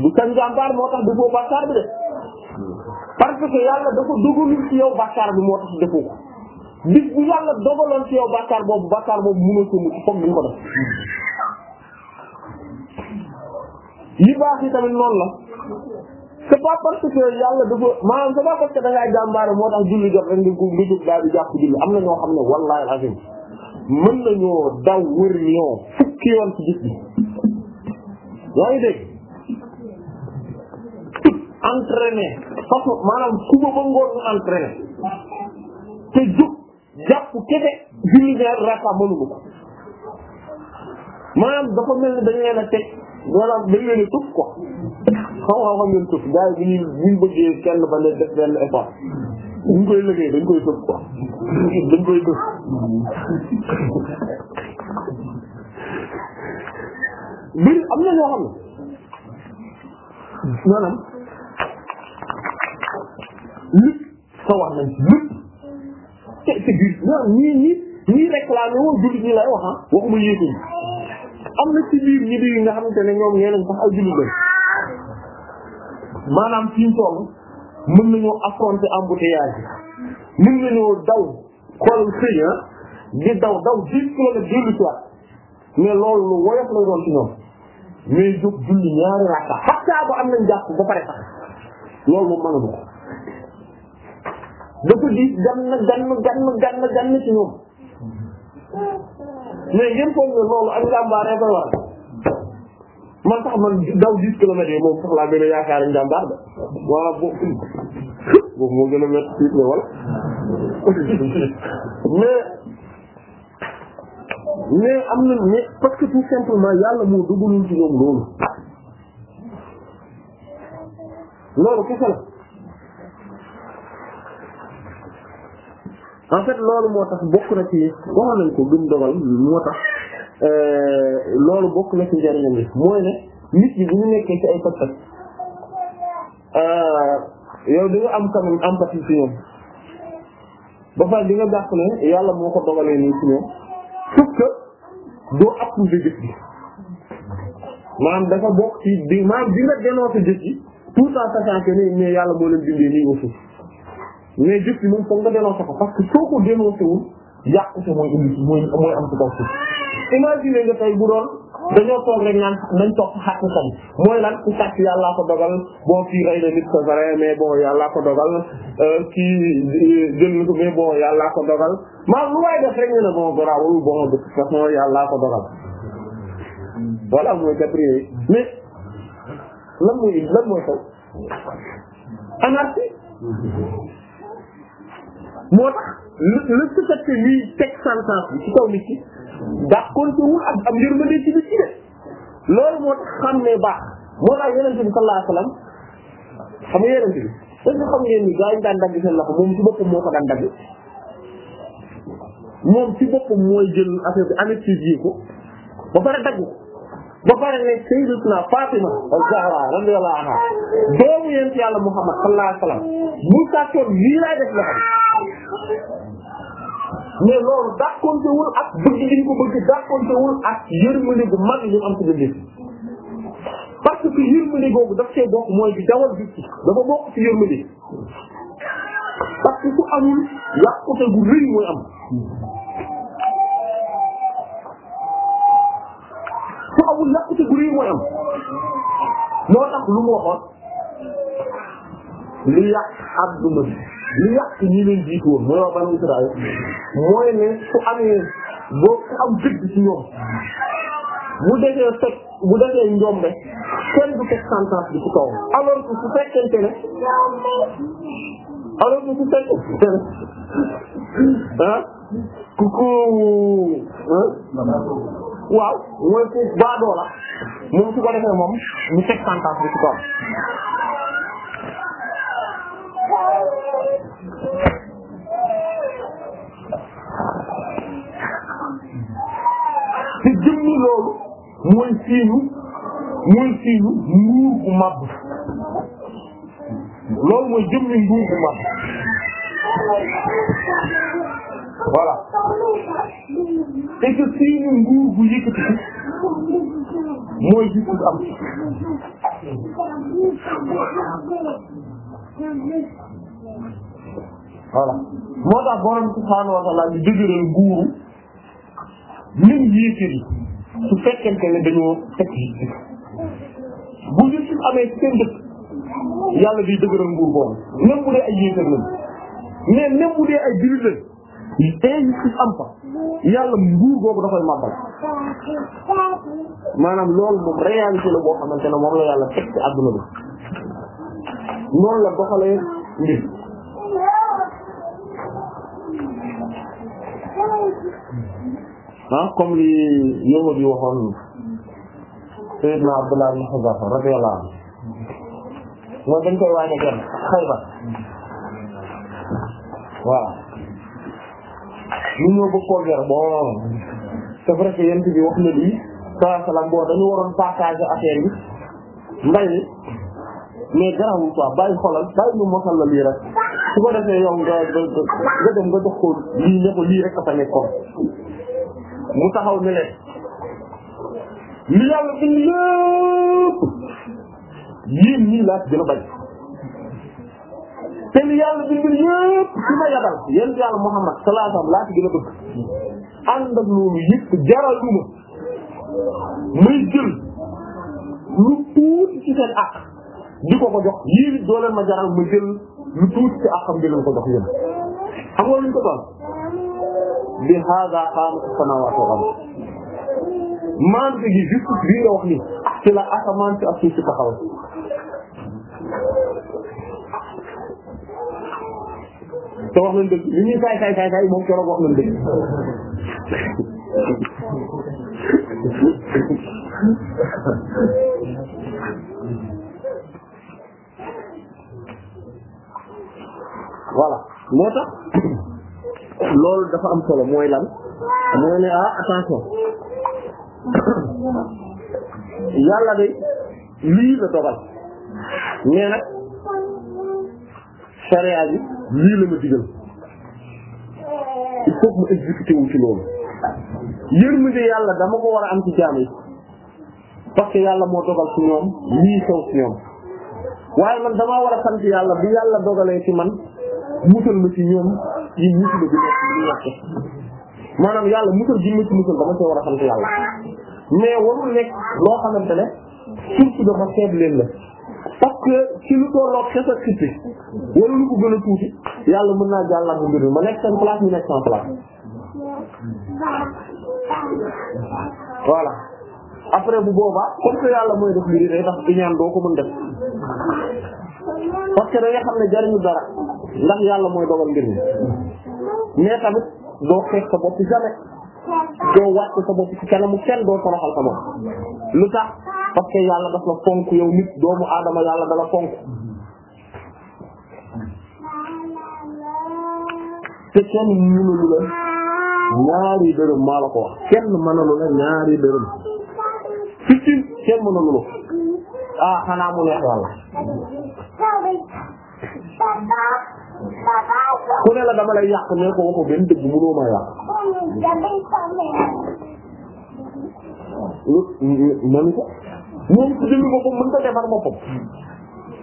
bu seen njàmbaar moo tax du boo bàkkaar bi de parce que yàlla dafa dogalul ci yow bàkkaar bi moo tax defoo ko bis bu yàlla dogaloon ci yow bàkkaar boobu bàkkaar boobu mënoo ko mucc foog ko def yi baax yi tamit noonu la c'est parce que yàlla dafa maanaam c'est pas parce que da moo tax julli jot rek nga nga daal di jàpp julli am na ñoo xam ne wallahi azim mën nañoo daw wër ñoo fukki yoon ci gis bi yaa ngi dégg entraîné façon maanaam suba ba ngoon ñu entraîné te jóg jàpp kese julli ñaari raka mënu ko maanaam dafa mel ni dañ leen a teg maanaam dañ leen a tëf quoi xam-xam xam ngeen tëf gars yi bu ñuy bu ñu kenn ba ne def benn effort ñu koy liggéey dañ koy tëf koy tëf lépp sawar nañ ci lépp te ci biir woon jullit ñi lay wax ah waxuma yéetu am na ci biir ñi di nga xamante ne ñoom ñeneen sax ay jullit lañ maanaam fi mu toll mën nañoo affronter embouteillage yi mën nañoo daw xoolal xëy ah di daw daw dix kilomètres deux litres mais loolu lu woyof lay doon ci ñoom mais jóg julli ñaari rakka xataa ba am nañ jàpp ba pare sax loolu moom mënu dafa diis gann gann gann gann gann ci ñoom mais ngeen foog ne loolu ak njàmbaaree koy war man sax man daw dix kilomètres yi moom sax laa gën a yaakaar njàmbaar ba waaw boobu boobu moo gën a métti tiit ne wala mais mais am na mais parce que tout simplement yàlla moo dugalul ci ñoom loolu loolu kese la en fait loolu moo tax bokk na ci waxoon nañ ko gëm dogal moo tax euh, loolu bokk na ci njëriñam bi mooy ne nit ñi bu ñu nekkee ci ay pàcc euh, yow di nga am quand même empathie ci ñoom ba pare di nga jàpp ne yàlla moo ko dogalee nii ci ñoom sauf que doo approuvé jëf bi maanaam dafa bokk ci di maanaam di nga dénoncé jëf yi tout en sachant que ni yàlla moo leen bindee nii aussi. mais jëf ci moom foog nga dénoncé ko parce que soo ko dénoncé wul yàqu te mooy indi mooy mooy am ci kaw suuf. imagine nga tey bu doon dañoo toog rek naan nañ toog xàq xam mooy lan ku sàcc yàllaa ko dogal boo kii rey na nit ko vrai mais bon yàllaa ko dogal euh, kii euh, jël na ko mais bon yàllaa ko dogal maanaam lu waay def rek ñu ne bon garaawul bon de toute façon yàllaa ko dogal. voilà mooy caprier mais lan mooy lan mooy xew anarchie moo tax le le fait que lii teg sentence bi ci kaw nit ki daa kontuwul ak am yërmande ci nit de loolu moo tax xam ne baax moo tax yonent bi sallallahu alayhi wasallam xam daan dagg seen ci ko daan dagg moom ci bi anesthésier ko ba pare dagg ba pare ne sayyidatuna Fatima az-Zahra radiyallahu anha doomu yàlla Muhammad sallallahu alayhi wasallam bu sàccoon lii laay def loxo mais loolu dàqontewul ak bëgg li ñu ko bëgg dàqontewul ak yërmande gu mag yi am ci biir parce que yërmande googu daf see bokk mooy bi dawal bi ci dafa bokk ci yërmande parce que su amul yàqute gu rëy mooy am su amul yàqute gu rëy mooy am moo tax lu mu waxoon li yàq àdduna bi li yàq ñi leen jiitu woon mooy waa Banu Israël mooy ne su amee boo su am dëgg ci ñoom bu defee fekk bu defee njombe kenn du teg sentence bi ci kaw alors que su fekkente ne alors que su fekkente ne ah kuku ah waaw mooy ku baadoo la moom su ko defee moom ñu teg sentence bi ci kaw te jëmmi loolu mooy siiñu mooy siiñu nguur bu loolu mooy jëmmi nguur bu màbb voilà et que siiñu nguur bu yëkkati mooy gis am voilà moo tax borom subhaanahu wa ta'ala di dëgëral guuru ñun su fekkente ne dañoo teg justice bu justice amee ci seen dëkk yàlla di dëgëral nguur boobu même bu dee ay yéefar lañ mais même bu dee ay jullit lañ injustice am fa yàlla nguur boobu da koy màbbal maanaam lool moom réalité la boo xamante ne moom la yàlla teg ci àdduna bi noonu la doxalee mbir ah comme li yow bi waxoon Sayyidna Abdullah ibn Hudayfa radiyallahu anhu mooy dañ koy waaj a dem Xaybar waaw ñu ñëw ba koo ger bon c'est vrai que yent bi wax na lii salaam boo dañu waroon partager affaire yi mbay mais garaawul quoi bàyyi xolal bàyyi ñu mosal la lii rek su ko defee yow nga dem nga jox ko lii ne ko lii rek a fa mu taxaw ne leen li yàlla bind lépp yéen ñii laa ci gën a bañ te li yàlla bind lépp ci ma yabal yéen yàlla Muhammad sallallahu alayhi wasallam laa ci a bëgg ànd ak loolu lu ma muy jël lu tuuti ci seen àq di ko ko jox yéen it ma jaral ma jël lu tuuti ci àqam ko jox yéen xam nga luñ ko doon bi hada qaamati samaawaati wal ard maante gi juste lii nga wax ni ci la asamaan ci ak suuf si taxaw te wax nañ dëgg li ñuy saay saay voilà moo tax loolu dafa am solo mooy lan mooy ne ah attention yàlla de lii la dogal mais nag charia lii la ma digal il faut ma exécuté wu ci loolu yërmande yàlla dama ko war a am ci jaam yi parce yàlla moo dogal ci ñoom lii xew ci ñoom waaye man damaa war a sant yàlla bi yàlla dogalee ci man musal ma ci ñoom yi musiba bi nekk li nekk yàlla musal gi ma ci musal dama cee war a xam yàlla mais warul nekk loo xamante ne source de ma seet leen la parce que ci lu tolloog xes ak sippi wala lu ko gën a tuuti yàlla mun naa jàllal ko mbir mi ma nekk seen place ñu nekk sans place voilà après bu boobaa comme que yàlla mooy def mbir yi day tax iñaan doo ko mën def parce que xam ne jariñu dara ndax yàlla mooy dogal mbir mi mais tamit doo xeex sa bopp jamais doo wàcc sa bopp ci kanamu kenn doo toroxal sa bopp lu tax parce que yàlla daf la fonk yow nit doomu aadama yàlla dala fonk te la ñaari dërëm maa la ko wax kenn mënalu la ñaari dërëm fiftin kenn mënalu la ah xanaa mu neex yàlla ku ne la dama lay yàq ne ko waxu benn dëgg mënoo maa yàq manu ko moom si jënd boppam mën ko defar boppam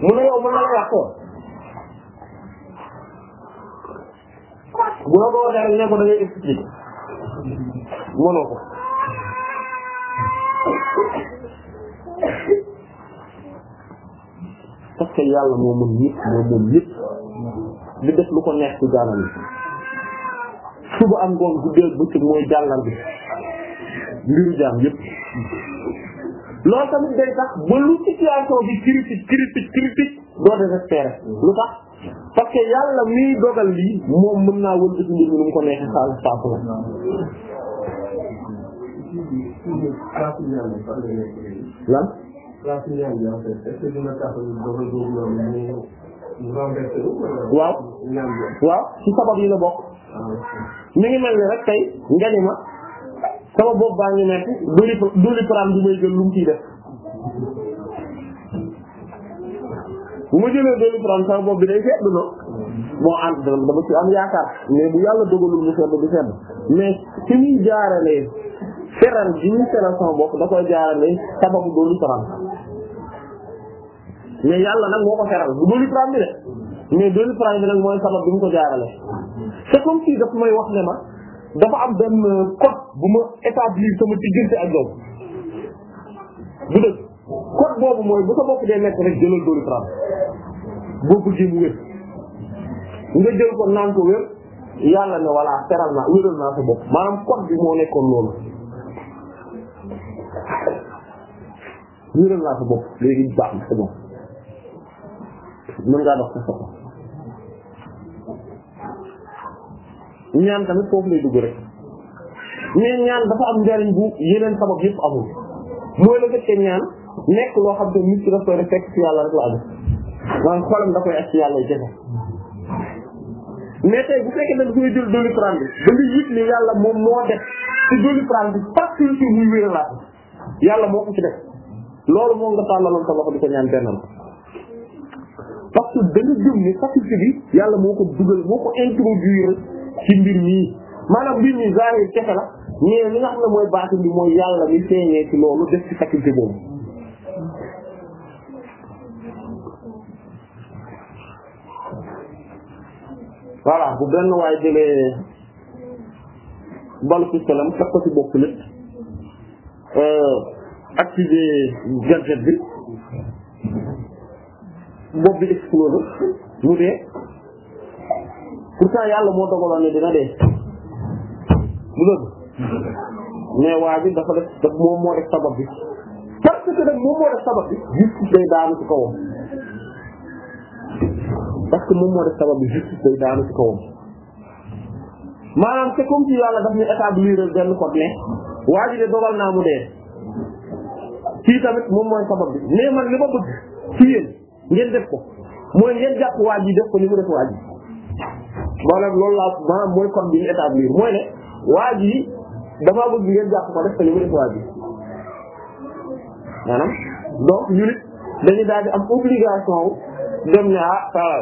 mu ne yow mën na la yàq ko bu la ko waxee rek ne ko da ngay expliquer mënoo ko parce que yàlla moo mën ñëpp moo mën ñëpp di def lu ko neex ci jaanam yi suba am ngoon guddee bëccëg mooy jàllar bi mbiru jaam yépp loolu tamit day tax ba lu situation bi critique critique critique doo désespérer lu tax parce yàlla miy dogal lii moom mën naa wël dëkk mbir mi nu mu ko neexee saa saa su la lan waaw waaw ci sabab yi la bokk mi ngi mel ni rek tey nga ma sama bopp baa ngi nekk doli doli pram bi may jël lu mu ciy bu ma jëlee doli pram sama bopp bi day sedd na bon am dama ci am yaakaar mais bu yàlla dogalul mu sedd du sedd mais ci muy jaaralee feral bi ñu feral sama bopp da koy jaaralee sababu doli pram mais yàlla nag moo ko feral bu deux bi de mais deux litres bi nag mooy sabab bi mu ko jaarale c'est comme si daf may wax ne ma dafa am benn code bu ma établir sama diggante ak yow bu dëgg code boobu mooy bu sa bopp dee nekk rek jëlal deux litres boo bëggee wér nga jël ko naan ko wér yàlla ne voilà feral naa wéral naa sa bopp maanaam code bi moo nekkoon loolu wéral naa sa bopp léegi baax na sa bopp mën ngaa dox sa soxla ñaan tamit foofu lay dugg rek mais ñaan dafa am njariñ bu yeneen sabab yëpp amul mooy la fekkee ñaan nekk loo xam te nit ki daf koy def fekk ci yàlla rek la aju maanaam xolam da ak ci yàlla yi jafe fekkee nag da nga yëg ne yàlla moo def ci Doliprane ko ci def loolu moom nga tàllaloon sa loxo di ko ñaan benn parce que gëm ne faculté bi yàlla moo ko dugal moo ko introduire ci mbir mi maanaam mbir mi zahir kese la mais li nga xam ne mooy baatin bi mooy yàlla mi feeñee ci loolu def ci faculté boobu. voilà bu benn waay jëlee balu pistolam teg ko ci bopp lépp euh, activer gadget bi. bopp bi explose mu dee pourtant yàlla moo dogaloon ne dina dee bu dëgg mais waa ji dafa def daf moom moo def sabab bi parce que bi justice day daanu ci kawam parce que moom moo def sabab bi justice day daanu ci kawam maanaam c'est comme si yàlla daf ñu établir benn code ne waa ji de dogal naa mu dee kii tamit moom mooy sabab bi mais man li ma bëgg ci yéen ngeen def ko mooy ngeen jàpp waa ji def ko ni mu def waa ji maanaam loolu laa maanaam mooy code bi ñu établir mooy ne waa ji dafa bëgg ngeen jàpp ko def ko ni mu def waa ji maanaam donc ñu nit dañu daal di am obligation wu dem ne ah saa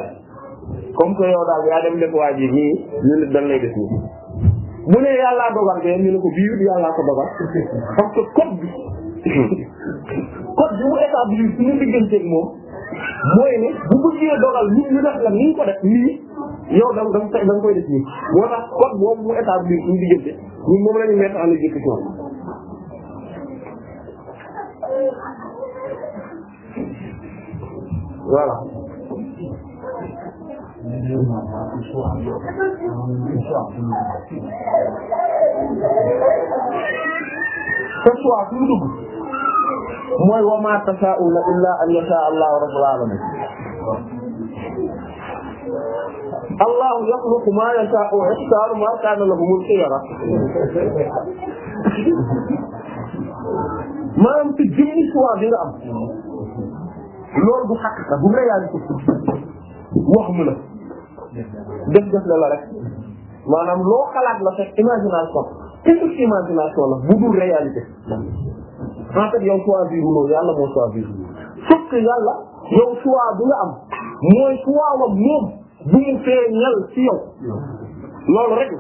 comme que yow daal yaa dem def waa ji nii ñu nit dañ lay def nii bu ne yàllaa dogal de ñu ne ko biir yàllaa ko dogal parce que code bi code bi mu établir suñu digganteeg moom. mooy ne bu bëggee dogal nit ñu def la ni ko def lii yow da nga da nga koy moo tax code mu établi suñu diggante ñun moom la ñu mettre en exécution voilà. ce soir suñu mooy wa ma tasaauna illa an yasha allahu rabbul alamin allahu yaxluqu ma yashaa'u ixtaaru ma kaana lahumul xiyara maanaam te jëmmi choix bi nga am loolu du xaqiqa bu réalité wax mu la def def la la rek maanaam loo xalaat la fekk imagination pure imagination la bu dul réalité en fait yow choisir loolu yàlla moo choisir sauf que yàlla yow choix bi nga am mooy choix wam moom bu mu feeñal ci yow loolu rek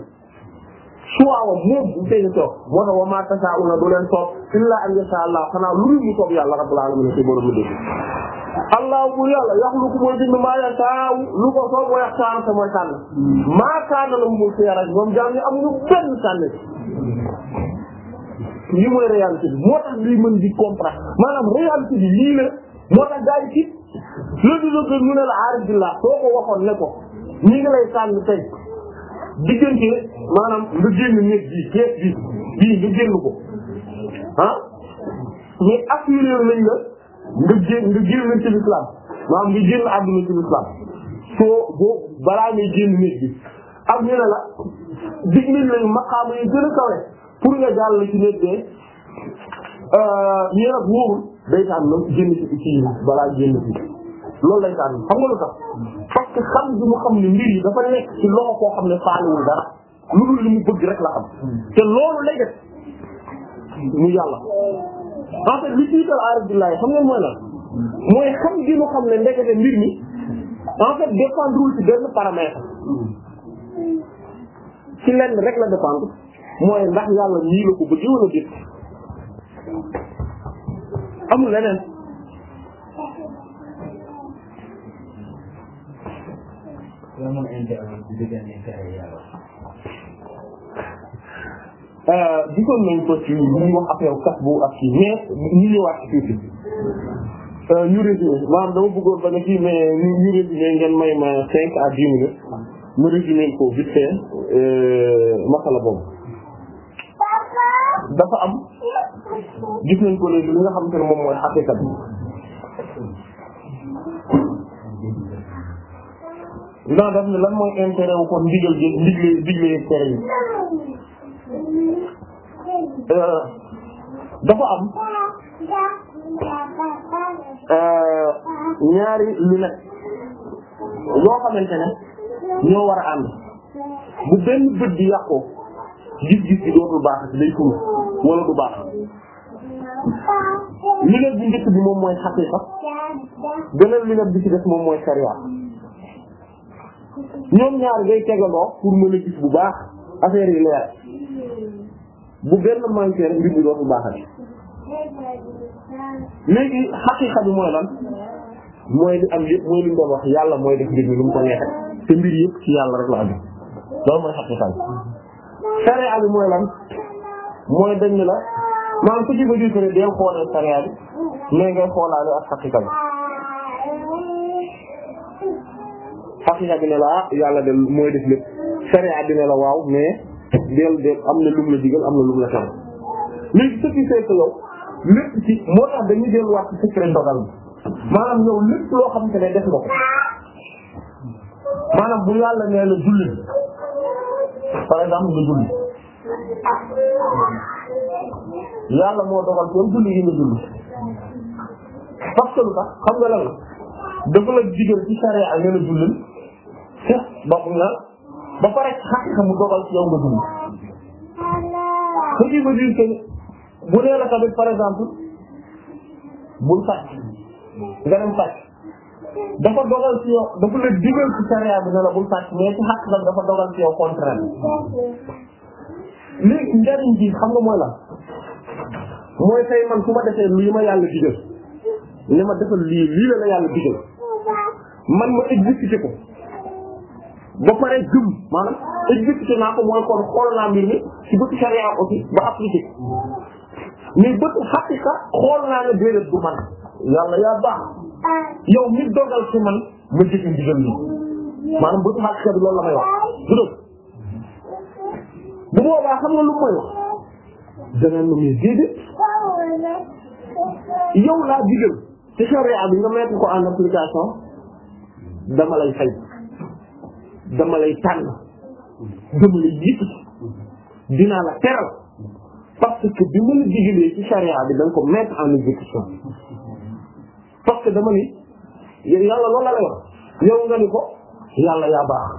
choix wam moom bu feeñal ci yow moo tax wa maa tashaa'uuna du leen soob illaa an yashaa Allah xanaa lu mu soob yàlla rabbul aalamiin ci borom allah bu yàlla yaxluqu mooy bind maa yashaa lu ko soob wa yaxtaaru te mooy tànn maa kaana lahumul xiyaratu moom jaam ñi amuñu benn tànn lii mooy réalité bi moo tax lii mën di comprendre maanaam réalité bi lii la moo tax gaa yi ci loolu la ñu ne la aarif billah soo ko waxoon ne ko ñu ngi lay sànni tey diggante maanaam nga génn néeg bi kees nga génn ko ah mais assuré nañ la nga génn nga génn ci l'islam maanaam nga génn àdduna ci l'islam soo boo balaa ngay génn néeg am ñu ne la digg nañ la maqaama yi gën kawe pour nga jàll ci nit de ñeent ak wóorul day tànn génn ci balaa génn ci loolu lay tànn xam nga lu tax parce que xam xam ne mbir dafa nekk xam ne faalewul dara lu dul li mu bëgg rek la xam te loolu lay def mu yàlla en fait li tiital aarif billahi xam nga mooy lan mooy xam gi mu xam ne ndekete mbir mi en fait dépendrewul ci benn paramètre ci lenn rek la dépendre mooy ndax yàlla nii la ko bëgg wala déet amul leneen euh, gisoon nañ ko ci ñuy wax affaire kas bu ak ci mais ñu ñëwaat ci tuuti euh, ñu résumé maanaam dama bëggoon ba ne fii mais ñu résumé ngeen may ma cinq à minutes ma résumé ko vite fait euh, masala dafa am gis nañ ko léegi li nga xam te ne moom mooy xaqiqa bi non daf ne lan mooy intérêt wu kon ndigal gi ndigle ndigle yeeg tere yi euh, dafa am euh, ñaari lu nekk yoo xamante ne ñoo war a ànd bu benn bët di yàqoo gis-gis bi dootul baax day tuur wala du baax liggéey bu njëkk bi moom mooy xaqiqa beneen liggéey bi ci def moom mooy sariya ñoom ñaar ngay tegaloo pour mën a gis bu baax affaire yi leer bu benn manqué rek mbir mi dootul baaxati léegi xaqiqa bi mooy lan mooy am yëpp mooy li ñu doon wax yàlla mooy def mbir mi lu mu ko neexee te mbir yëpp ci yàlla rek la amee loolu mooy xaqiqa bi sariya bi mooy lan mooy dañ la maanaam su ci ba diis ne deel xoolee sariya bi mais ngay xoolaale ak xaqiqa bi xaqiqa bi ne la ah, yàlla de mooy def lépp sariya bi ne la waaw mais deel deel am na lum la digal am na lum la tam léegi ce qui fait que lépp ci moo tax dañuy delluwaat ci secret ndogal bi maanaam yow lépp loo xam te ne def nga ko maanaam bu yàlla nee la julli par exemple nga julli yàlla moo dogal comme julli yi nga julli parce que lu tax xam nga lan dafa la digal ci charia ne la jullil fex bokk na ba pare xaqiqa mu dogal ci yow nga julli ce qui veut dire que bu nee la tamit par exemple bul sàcc nga dem sàcc dafa dogal ci yow dafa la digal ci sariya bi ne la bul sàcc mais ci xàq sam dogal ci yow contraire léegi njariñ bi xam nga mooy la mooy tey man su ma defee lii yàlla digal la la yàlla digal man ma exécuté ko ba pare jum maanaam exécuté naa ko mooy kon xool naa mbir mi ci bëtu sariya aussi ba appliqué mais bëtu xaqiqa xool naa ne déedéet du man yàlla yaa baax yow mi dogal ci man ma jëfe ndigal li maanaam bu xaar bi loolu la may du dëgg bu boobaa xam nga lu may wax danañ lu yow laa digal ci charia bi nga mettre ko en application dama lay fay dama lay tànn dama lay jiitu dinaa la teral parce que bi ma la digalee ci bi da ko mettre en exécution parce que dama ni yàlla loolu la lay wax yow nga ni ko yàlla yaa baax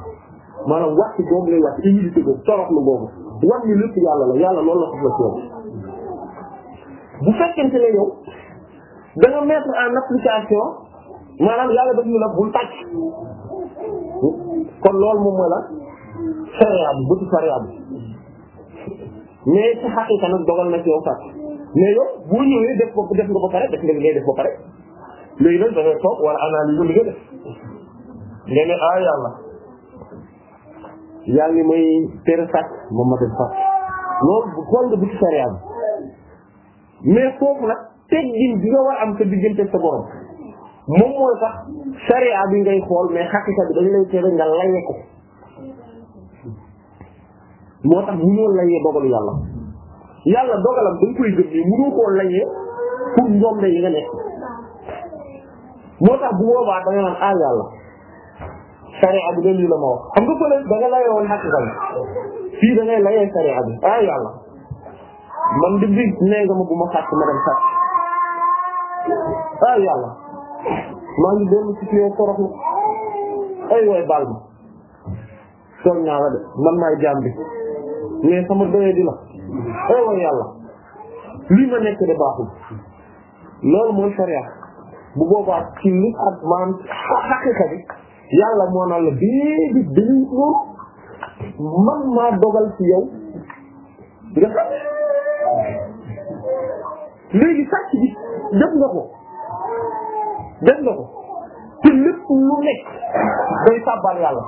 maanaam wàcc boobu lay wàcc humilité boobu toroxlu boobu wan ni lépp yàlla la yàlla loolu la soxla ci yow bu fekkente ne yow da nga en application maanaam yàlla daf ñu la bul tàcc kon loolu moom mooy la sariya bi bëtu sariya bi mais ci xaqiqa nag dogal na ci yow tàcc mais yow bu ñëwee def ko def nga ba pare def nga ngay def ba pare léegi nag da ngay toog wala analyser li nga def nga ne ah yàlla yaa ngi may tere sàcc moom ma def sàcc loolu bu xool nga bëgg sariya bi mais foofu nag teggin bi nga war am sa diggante sa borom moom mooy sax sariya bi ngay xool mais xaqiqa bi dañ lay tere nga laye ko moo tax mënoo layee dogalu yàlla yàlla dogalam dañ koy gëm mais mënoo koo layee pour njombe yi nga nekk moo tax bu boobaa da nga naan ah yàlla sariya bi de lii la ma wax xam nga fële da nga layoo woon xaqiqal fii da ngay layee sariya bi ah yàlla man di bi nee nga ma bu ma sàcc ma dem sàcc ah yàlla maa ngi dellu ci yow torox na ay waay baal ma soog la de man maay jaam bi mais sama doyee di la ay waay yàlla lii ma nekk de baaxul loolu mooy sariya bu boobaa ci nit ak maanaam xaqiqa bi yàlla moo naan la déedéet dañuy loolu man maa dogal ci yow nga xam léegi sàcc bi def nga ko def nga ko te lu nekk day sàbbaal yàlla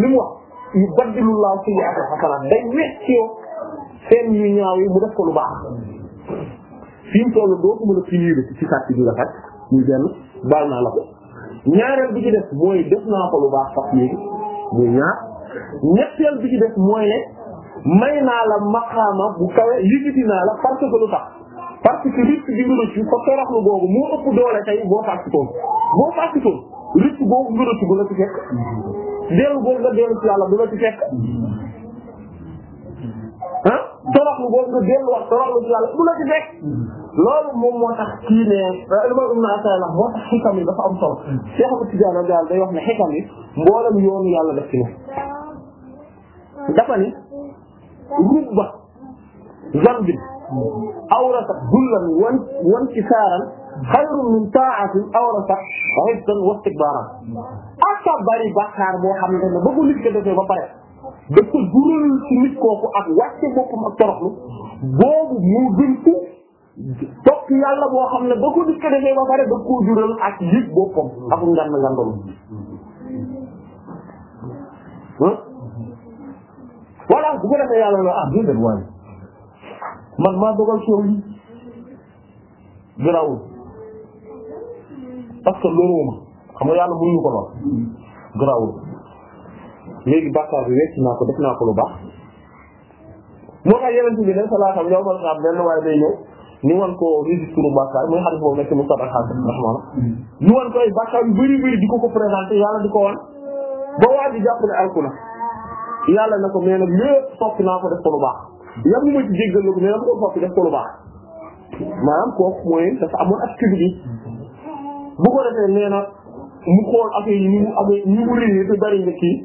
li mu wax yu baddilu laaw si yaatu xasanaat day nekk ci yow seen yu ñaaw mu def ko lu baax fi mu toll doo ko mën a finir ci sàcc bi rafet muy benn baal naa la ko ñaareel bi ci def mooy def naa ko lu baax sax léegi muy ñaar ñetteel bi ci def mooy ne may naa la maqaama bu kawe yëkkati naa la parce que lu tax parce que risque bi nga rëccu ko toroxlu googu moo ëpp doole tey boo fàttitoon boo fàttitoon risque googu nga rëccu du la ci fekk dellu googu nga dellu ci yàlla du la ci fekk ah toroxlu googu nga delluwaat toroxlu ci yàlla du la ci loolu moom moo tax kii ne euh, Imaam Ibn Ata'illah moo tax xikam yi dafa am solo Cheikh Ahmed Tidiane daal day wax ne xikam yi mboolem yoonu yàlla def ci ne dafa ni rubba zambin awrasat dullan wan wan ci saaran xayrun min ta'atin awrasat hibtan wa istikbaaran aka bari bàkkaar boo xam ne ba ko nit ko defee ba pare da ko jural ci nit kooku ak wàcce boppam ak toroxlu boobu moo gën topp yàlla boo xam ne ba ko nit ko defee ba pare ba ko jural ak yëg boppam ak ngan ngandalu voilà bu ko defee yàlla la ah déedéet waaye man maa dogal soow yi garaawul parce que loolu ma xam nga yàlla mënuñu ko lool garaawul léegi bàkkaar bi wecc naa ko def naa ko lu baax moo tax yeneen bi ne salaa xam yow ma xam benn waaye day ñu wan ko registre bàkkaar muy xadis boobu nekk mu sat ak xaasim raxmaala ñu wan ko ay bàkkaar yu bëri bëri di ko ko présenté yàlla di ko wan ba waa ji jàpp ne alku yàlla na ko mais nag naa ko def ko lu baax yam mu ma def ko lu baax maanaam kooku mooy dafa amoon activité bu ko defee nee na mu xool affaire yi ni mu amee ni mu réyee te bëri nga kii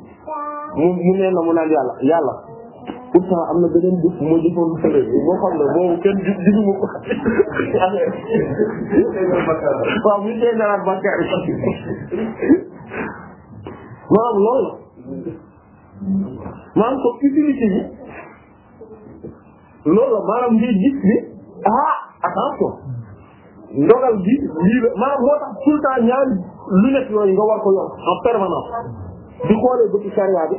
mu mu na mu naan yàlla yàlla pourtant am na beneen bés bu ma jëfoon fële boo xam ne boobu kenn gis gis nga ko affaire bi. waaw bu ñu koy naan bàkkaar maanaam loolu la maanaam ko utilité bi loolu la maanaam ngay gis ni ah attention ndogal bi lii la maanaam moo tax tout le temps di xoolee bëtu sariya bi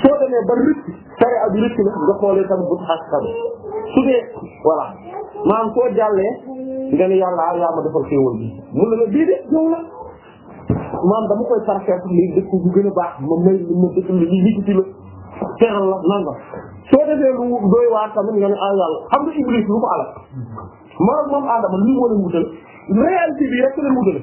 soo demee ba rëcc sariya bi rëcc na nga xoolee tamit bëtu askan su dee voilà maanaam soo jàllee nga ne yàlla ah yaa ma defal xéewal bi mun na la bii de ñëw la maanaam dama koy parfaire lii dëkk bu gën a baax ma may ma dëkk li li li ci la teral la nangam soo defee lu doy waar tamit nga ne ah yàlla xam nga iblis lu ko alal. maanaam moom aadama li mu war a wutale réalité bi rek la wutale.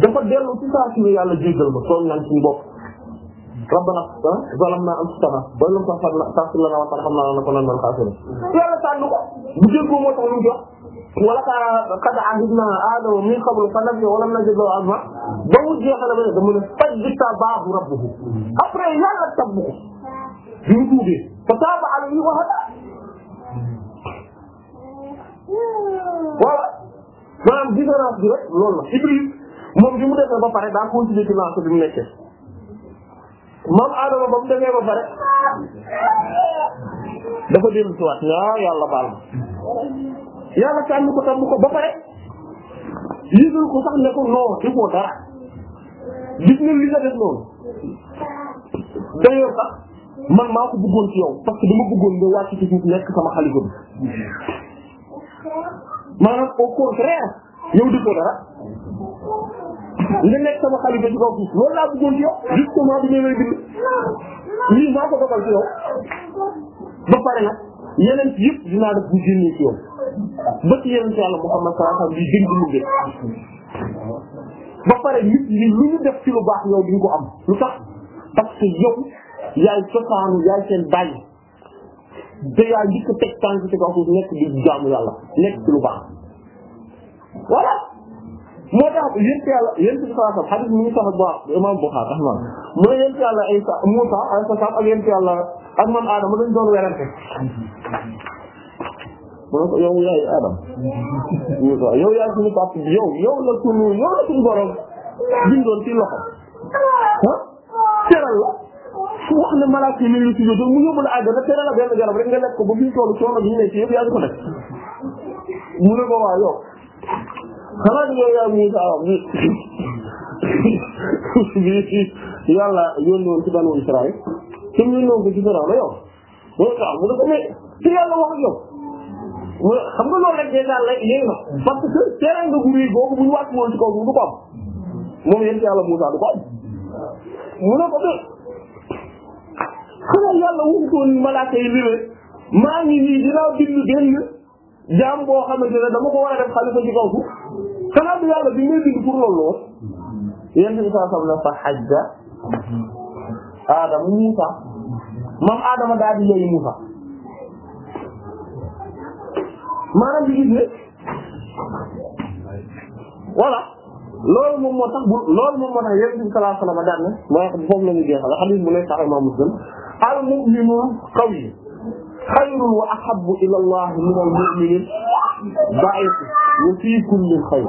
dafa dellu ci saa si ne yàlla jéggal ma tooñ naan suñu bopp rabbana ah, zalamna anfusana wa illam taghfir lana wa tarhamna lanakunanna minal khasirin yàlla tànn ko bu jéggoo moo tax lu jox wala ka qad ahidna adama min qablu fa nasiya wa lam najid lahu azma ba mu jeexale ba ne dama ne fajtabaahu rabbuhu après yàlla tabb ko bi mu tuubee fa taaba alayhi wa hada voilà maanaam différence bi rek loolu la Iblis moom bi mu defee ba pare daa continuer ci lancé bi ba mu defee ba pare dafa dellu si waat waaw yàlla baal ma yàlla tànn ko tànn ko ba pare yëgal ko sax ko non il faut dara gis nga li nga def noonu d'ailleurs sax man maa ko bëggoon ci yow parce que dama bëggoon nga wàcc ci suuf nekk sama xalifa bi maanaam di ko dara. nga nekk sama xalifa ci kaw suuf loolu laa bëggoon ci yow justement bi ñu lay bind lii maa ko dogal ci yow ba pare nag yeneen yëpp dinaa def bu génnee ci yow ba ci yeneen ci yàlla Muhammad sallallahu alayhi wasallam bi gën di mu ba pare lu ñu def ci lu baax yow duñ ko am lu tax parce que yow yaay cosaanu yaay seen bàyyi te yaa njëkk teg tànk ci kaw suuf nekk di jaamu yàlla nekk ci lu baax voilà moo tax yent yàlla yent bi sallallahu alayhi wasallam hadith mu ngi sax baax imam Bukhari rahman mu ne yent yàlla Isa Musa alayhi salaam ak yent yàlla ak man Adama dañ doon werante mu ne ko yow yaay Adama Musa yow yaay suñu pap yow yow la suñu yow la suñu borom bindoon ci loxo ah teral la wax ne malaaka yi ñu ci jotoo mu yóbbu la àjjana teral la benn garab rek nga lekk ko ba fi tollu coono bi ñu ne ci yëpp yaa ngi ko def mu ne ko waa yow xanaa di yaa Muusa bi bi yàlla yónni woon ci Banu Israayil ci mu yónni woon ko ci Firawna yow mu ne ko mu ne ko mais ci yàlla wax ak yow mu xam nga loolu rek dèjà la yéeg na parce que terrain de guri googu bu ñu wàcc woon ci kaw du ko am moom yéen ci yàlla Muusa du ko am mu ne ko mais xanaa yàlla waxutoon malaaka yi lii maa ngi nii dinaa bind benn jaam boo xamante ne dama ko war a def xalifa ci kaw suuf yow yàlla bi ngay bind pour loolu woon yéen bi saa soxna fa xajja Adama Muusa maam Adama daal di yooyu Muusa maanaam bi gis ne voilà loolu moom moo tax bu loolu moom moo tax yéen bi sallallahu alayhi wasallam daal ne mooy foofu la ñu jeexal xam nga bu nekk sax imaam Muslim al mu'minu qawi xayrun wa ahabbu ila Allah min al mu'mini da'ifi wa fi kulli xayr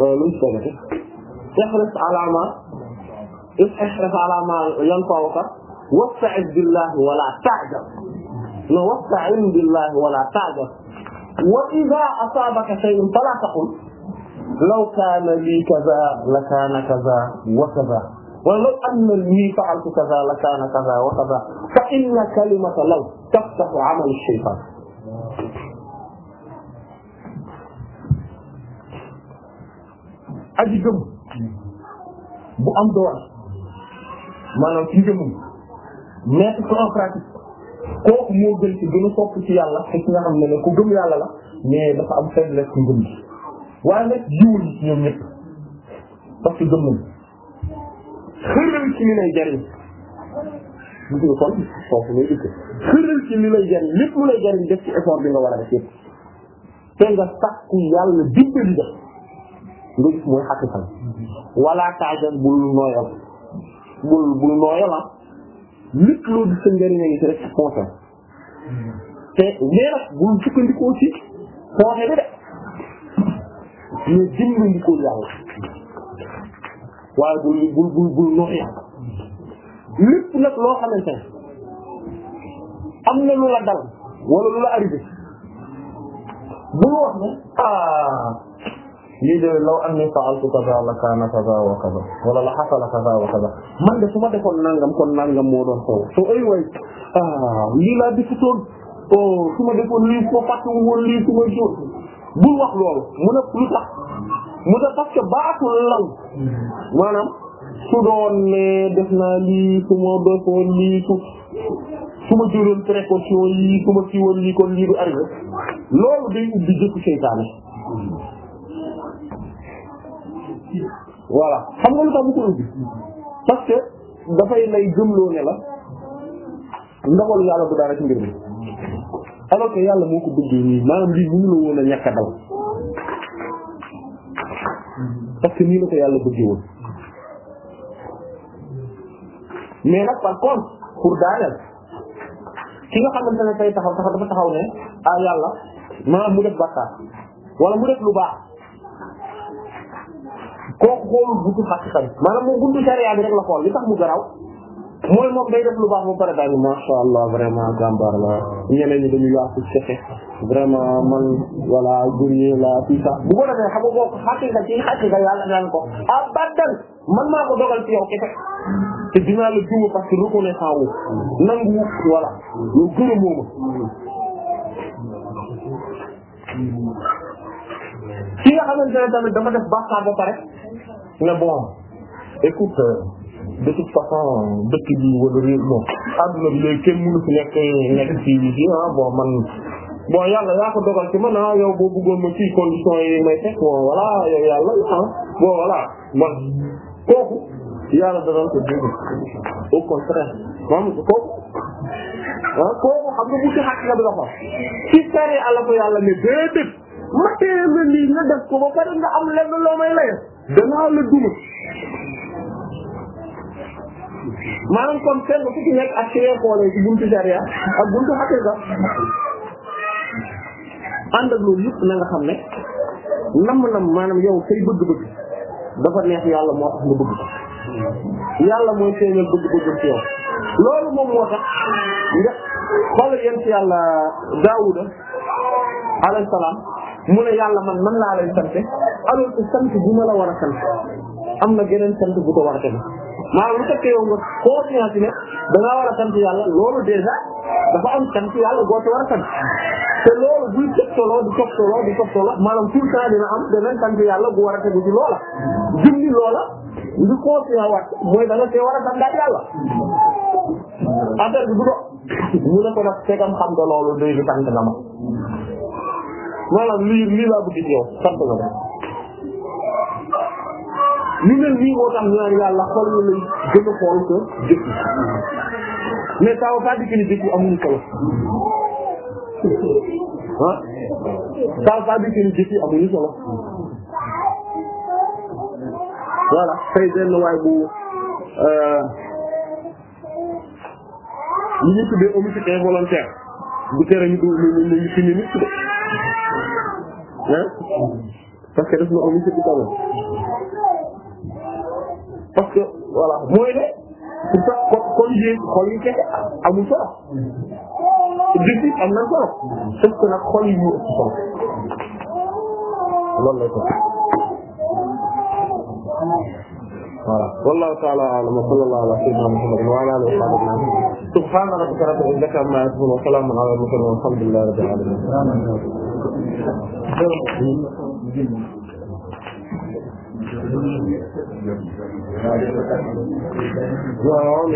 luñ soobati ihris ala ma ihris ala ma yanfa'uka wasta'in billahi wala ta'jaz no wasta'in billahi wala ta'jaz wa idha asabaka shay'un fala taqul law kana li kaza la kana kaza wa kaza wa law anna li fa'altu kaza la kana kaza wa kaza fa inna kalimata law taftahu 'amal ash-shaytan aji gëm bu am doole maanaam ci gëmum mettre ko en pratique kooku moo gën ci gën a sopp ci yàlla te ci nga xam ne ne ku gëm yàlla la mais dafa am faiblesse ci ngëm gi waaye nag jiwul ci ñoom ñëpp parce que gëm nañu xëral ci li lay jariñ lépp lu lay jariñ def ci effort bi nga war a def yëpp te nga sàkku yàlla dimbali def nga gis bul nooyal bul bul nooyal lépp ah. loo sa njëriñ ngi ci rek foncé te mais bul sukkandikoo ci foncé bi de mais dimbandikoo yàlla waaye bul bul bul bul nooyal lépp nag loo xamante ne am na lu la dal wala lu la arrivé bul wax ne ah, lii de law anni fa'altu kaza la kaana kaza wa kaza wala la hasala kaza wa kaza man de su ma defoon nangam kon nangam moo doon xaw so ay way ah, lii laa defutoon oh, su ma su ma fàttewu lii su ma jóor bul wax loolu mu ne lu tax mu ne parce baatul law maanaam su doon ne def naa lii su ma defoon lii su su ma jëloon précaution yi su ma siwoon lii kon lii du arrivé loolu day ubbi jëkku seytaane voilà xam nga lu tax bu ko ubbi parce que dafay lay gëmloo ne la ndogalu yàlla bu dara ci mbir mi yàlla moo ko bëggee nii maanaam lii mënu la woon a ñàkk a dal parce nii la ko yàlla bëggee woon mais nag par contre pour daaneel ki nga xamante ne tey taxaw taxaw dafa taxaw ne ah yàlla maanaam mu def bàkkaar wala mu def lu baax kooku xoolul buntu xaqiqa bi maanaam moom buntu sariya bi rek la xool li tax mu garaw mooy moom day def lu baax ba pare daal macha allah vraiment jàmbaar la ñeneen ñi dañuy yaatu cefe vraiment man voilà gurñe la fii sax bu ko defee xam nga kooku xaqiqa ci xaqiqa yàlla naan ko abadan man maa ko dogal ci yow kese te dinaa la duma parce que reconnaissant wu nangu voilà yow gën a mooma ki nga xamante ne tamit dafa def baax ba pare ne bon écoute euh, de toute façon dëkk bi wala réew moom àdduna bi léegi kenn mënu fi nekk nekk ci ci ah bon man bon man ah yow boo bëggoon ma ci condition yi may fekk bon voilà yow yàlla ah, bon voilà man kooku yàlla da doon ko dégg au contraire moom kooku ah kooku xam nga bu ci xàq la la ko ci sari àlla ko yàlla ne déedéet matee na lii nga def ko ba pare nga am lenn loo may layal danaa la duma maanaam kon kenn ku ci nekk ak ci xoolee ci buntu sharia ak buntu haqiqa ànd ak loolu yëpp na nga xam ne nam-nam maanaam yow say bëgg-bëgg dafa neex yàlla moo tax nga bëgg yàlla mooy feeñal bëgg-bëggam yow loolu moom moo tax nga xool yéen ci yàlla Daawuda alayhi salaam mu ne yàlla man man laa lay sant a que sant bu la war a sant am na geneen sant bu ko war a tamit maanaam lu fekkee yow nga conscience ne da ngaa war a sant yàlla loolu déjà dafa am sant yàlla boo ci war a sant te loolu buy toptaloo di toptaloo di toptaloo maanaam tout le temps dina am beneen sant yàlla bu war a tegu ci loola. julli loola li conscient waat mooy da nga see war a santaat yàlla affaire bi du do mu ne ko nag fekkam xam nga loolu maanaam lii lii laa bëgg ci yow sant nga ma ñu mel nii moo tax ñu naan yàlla xool la lay gën a xool ko jëf mais ça veut pas dire que ni jëf amuñu solo ah ça veut pas dire que ni jëf amuñu solo voilà tey benn waay bu ñu ñu tuddee homicide involontaire bu tere ñu ñu ñu ñu ñu ah parce que daf ma am monsieur Dukana mooy ne pour sax kon kon yéen xol yi kese amul solo dëgg yi am na solo sauf que voilà wallahu ta'ala a'lam wa sallallahu ala sayyidina Muhammad wa ala alihi wa sahbihi subhana rabbika rabbil izzati amma yasifun wa salamun ala al-mursalin walhamdulillahi rabbil alamin waaw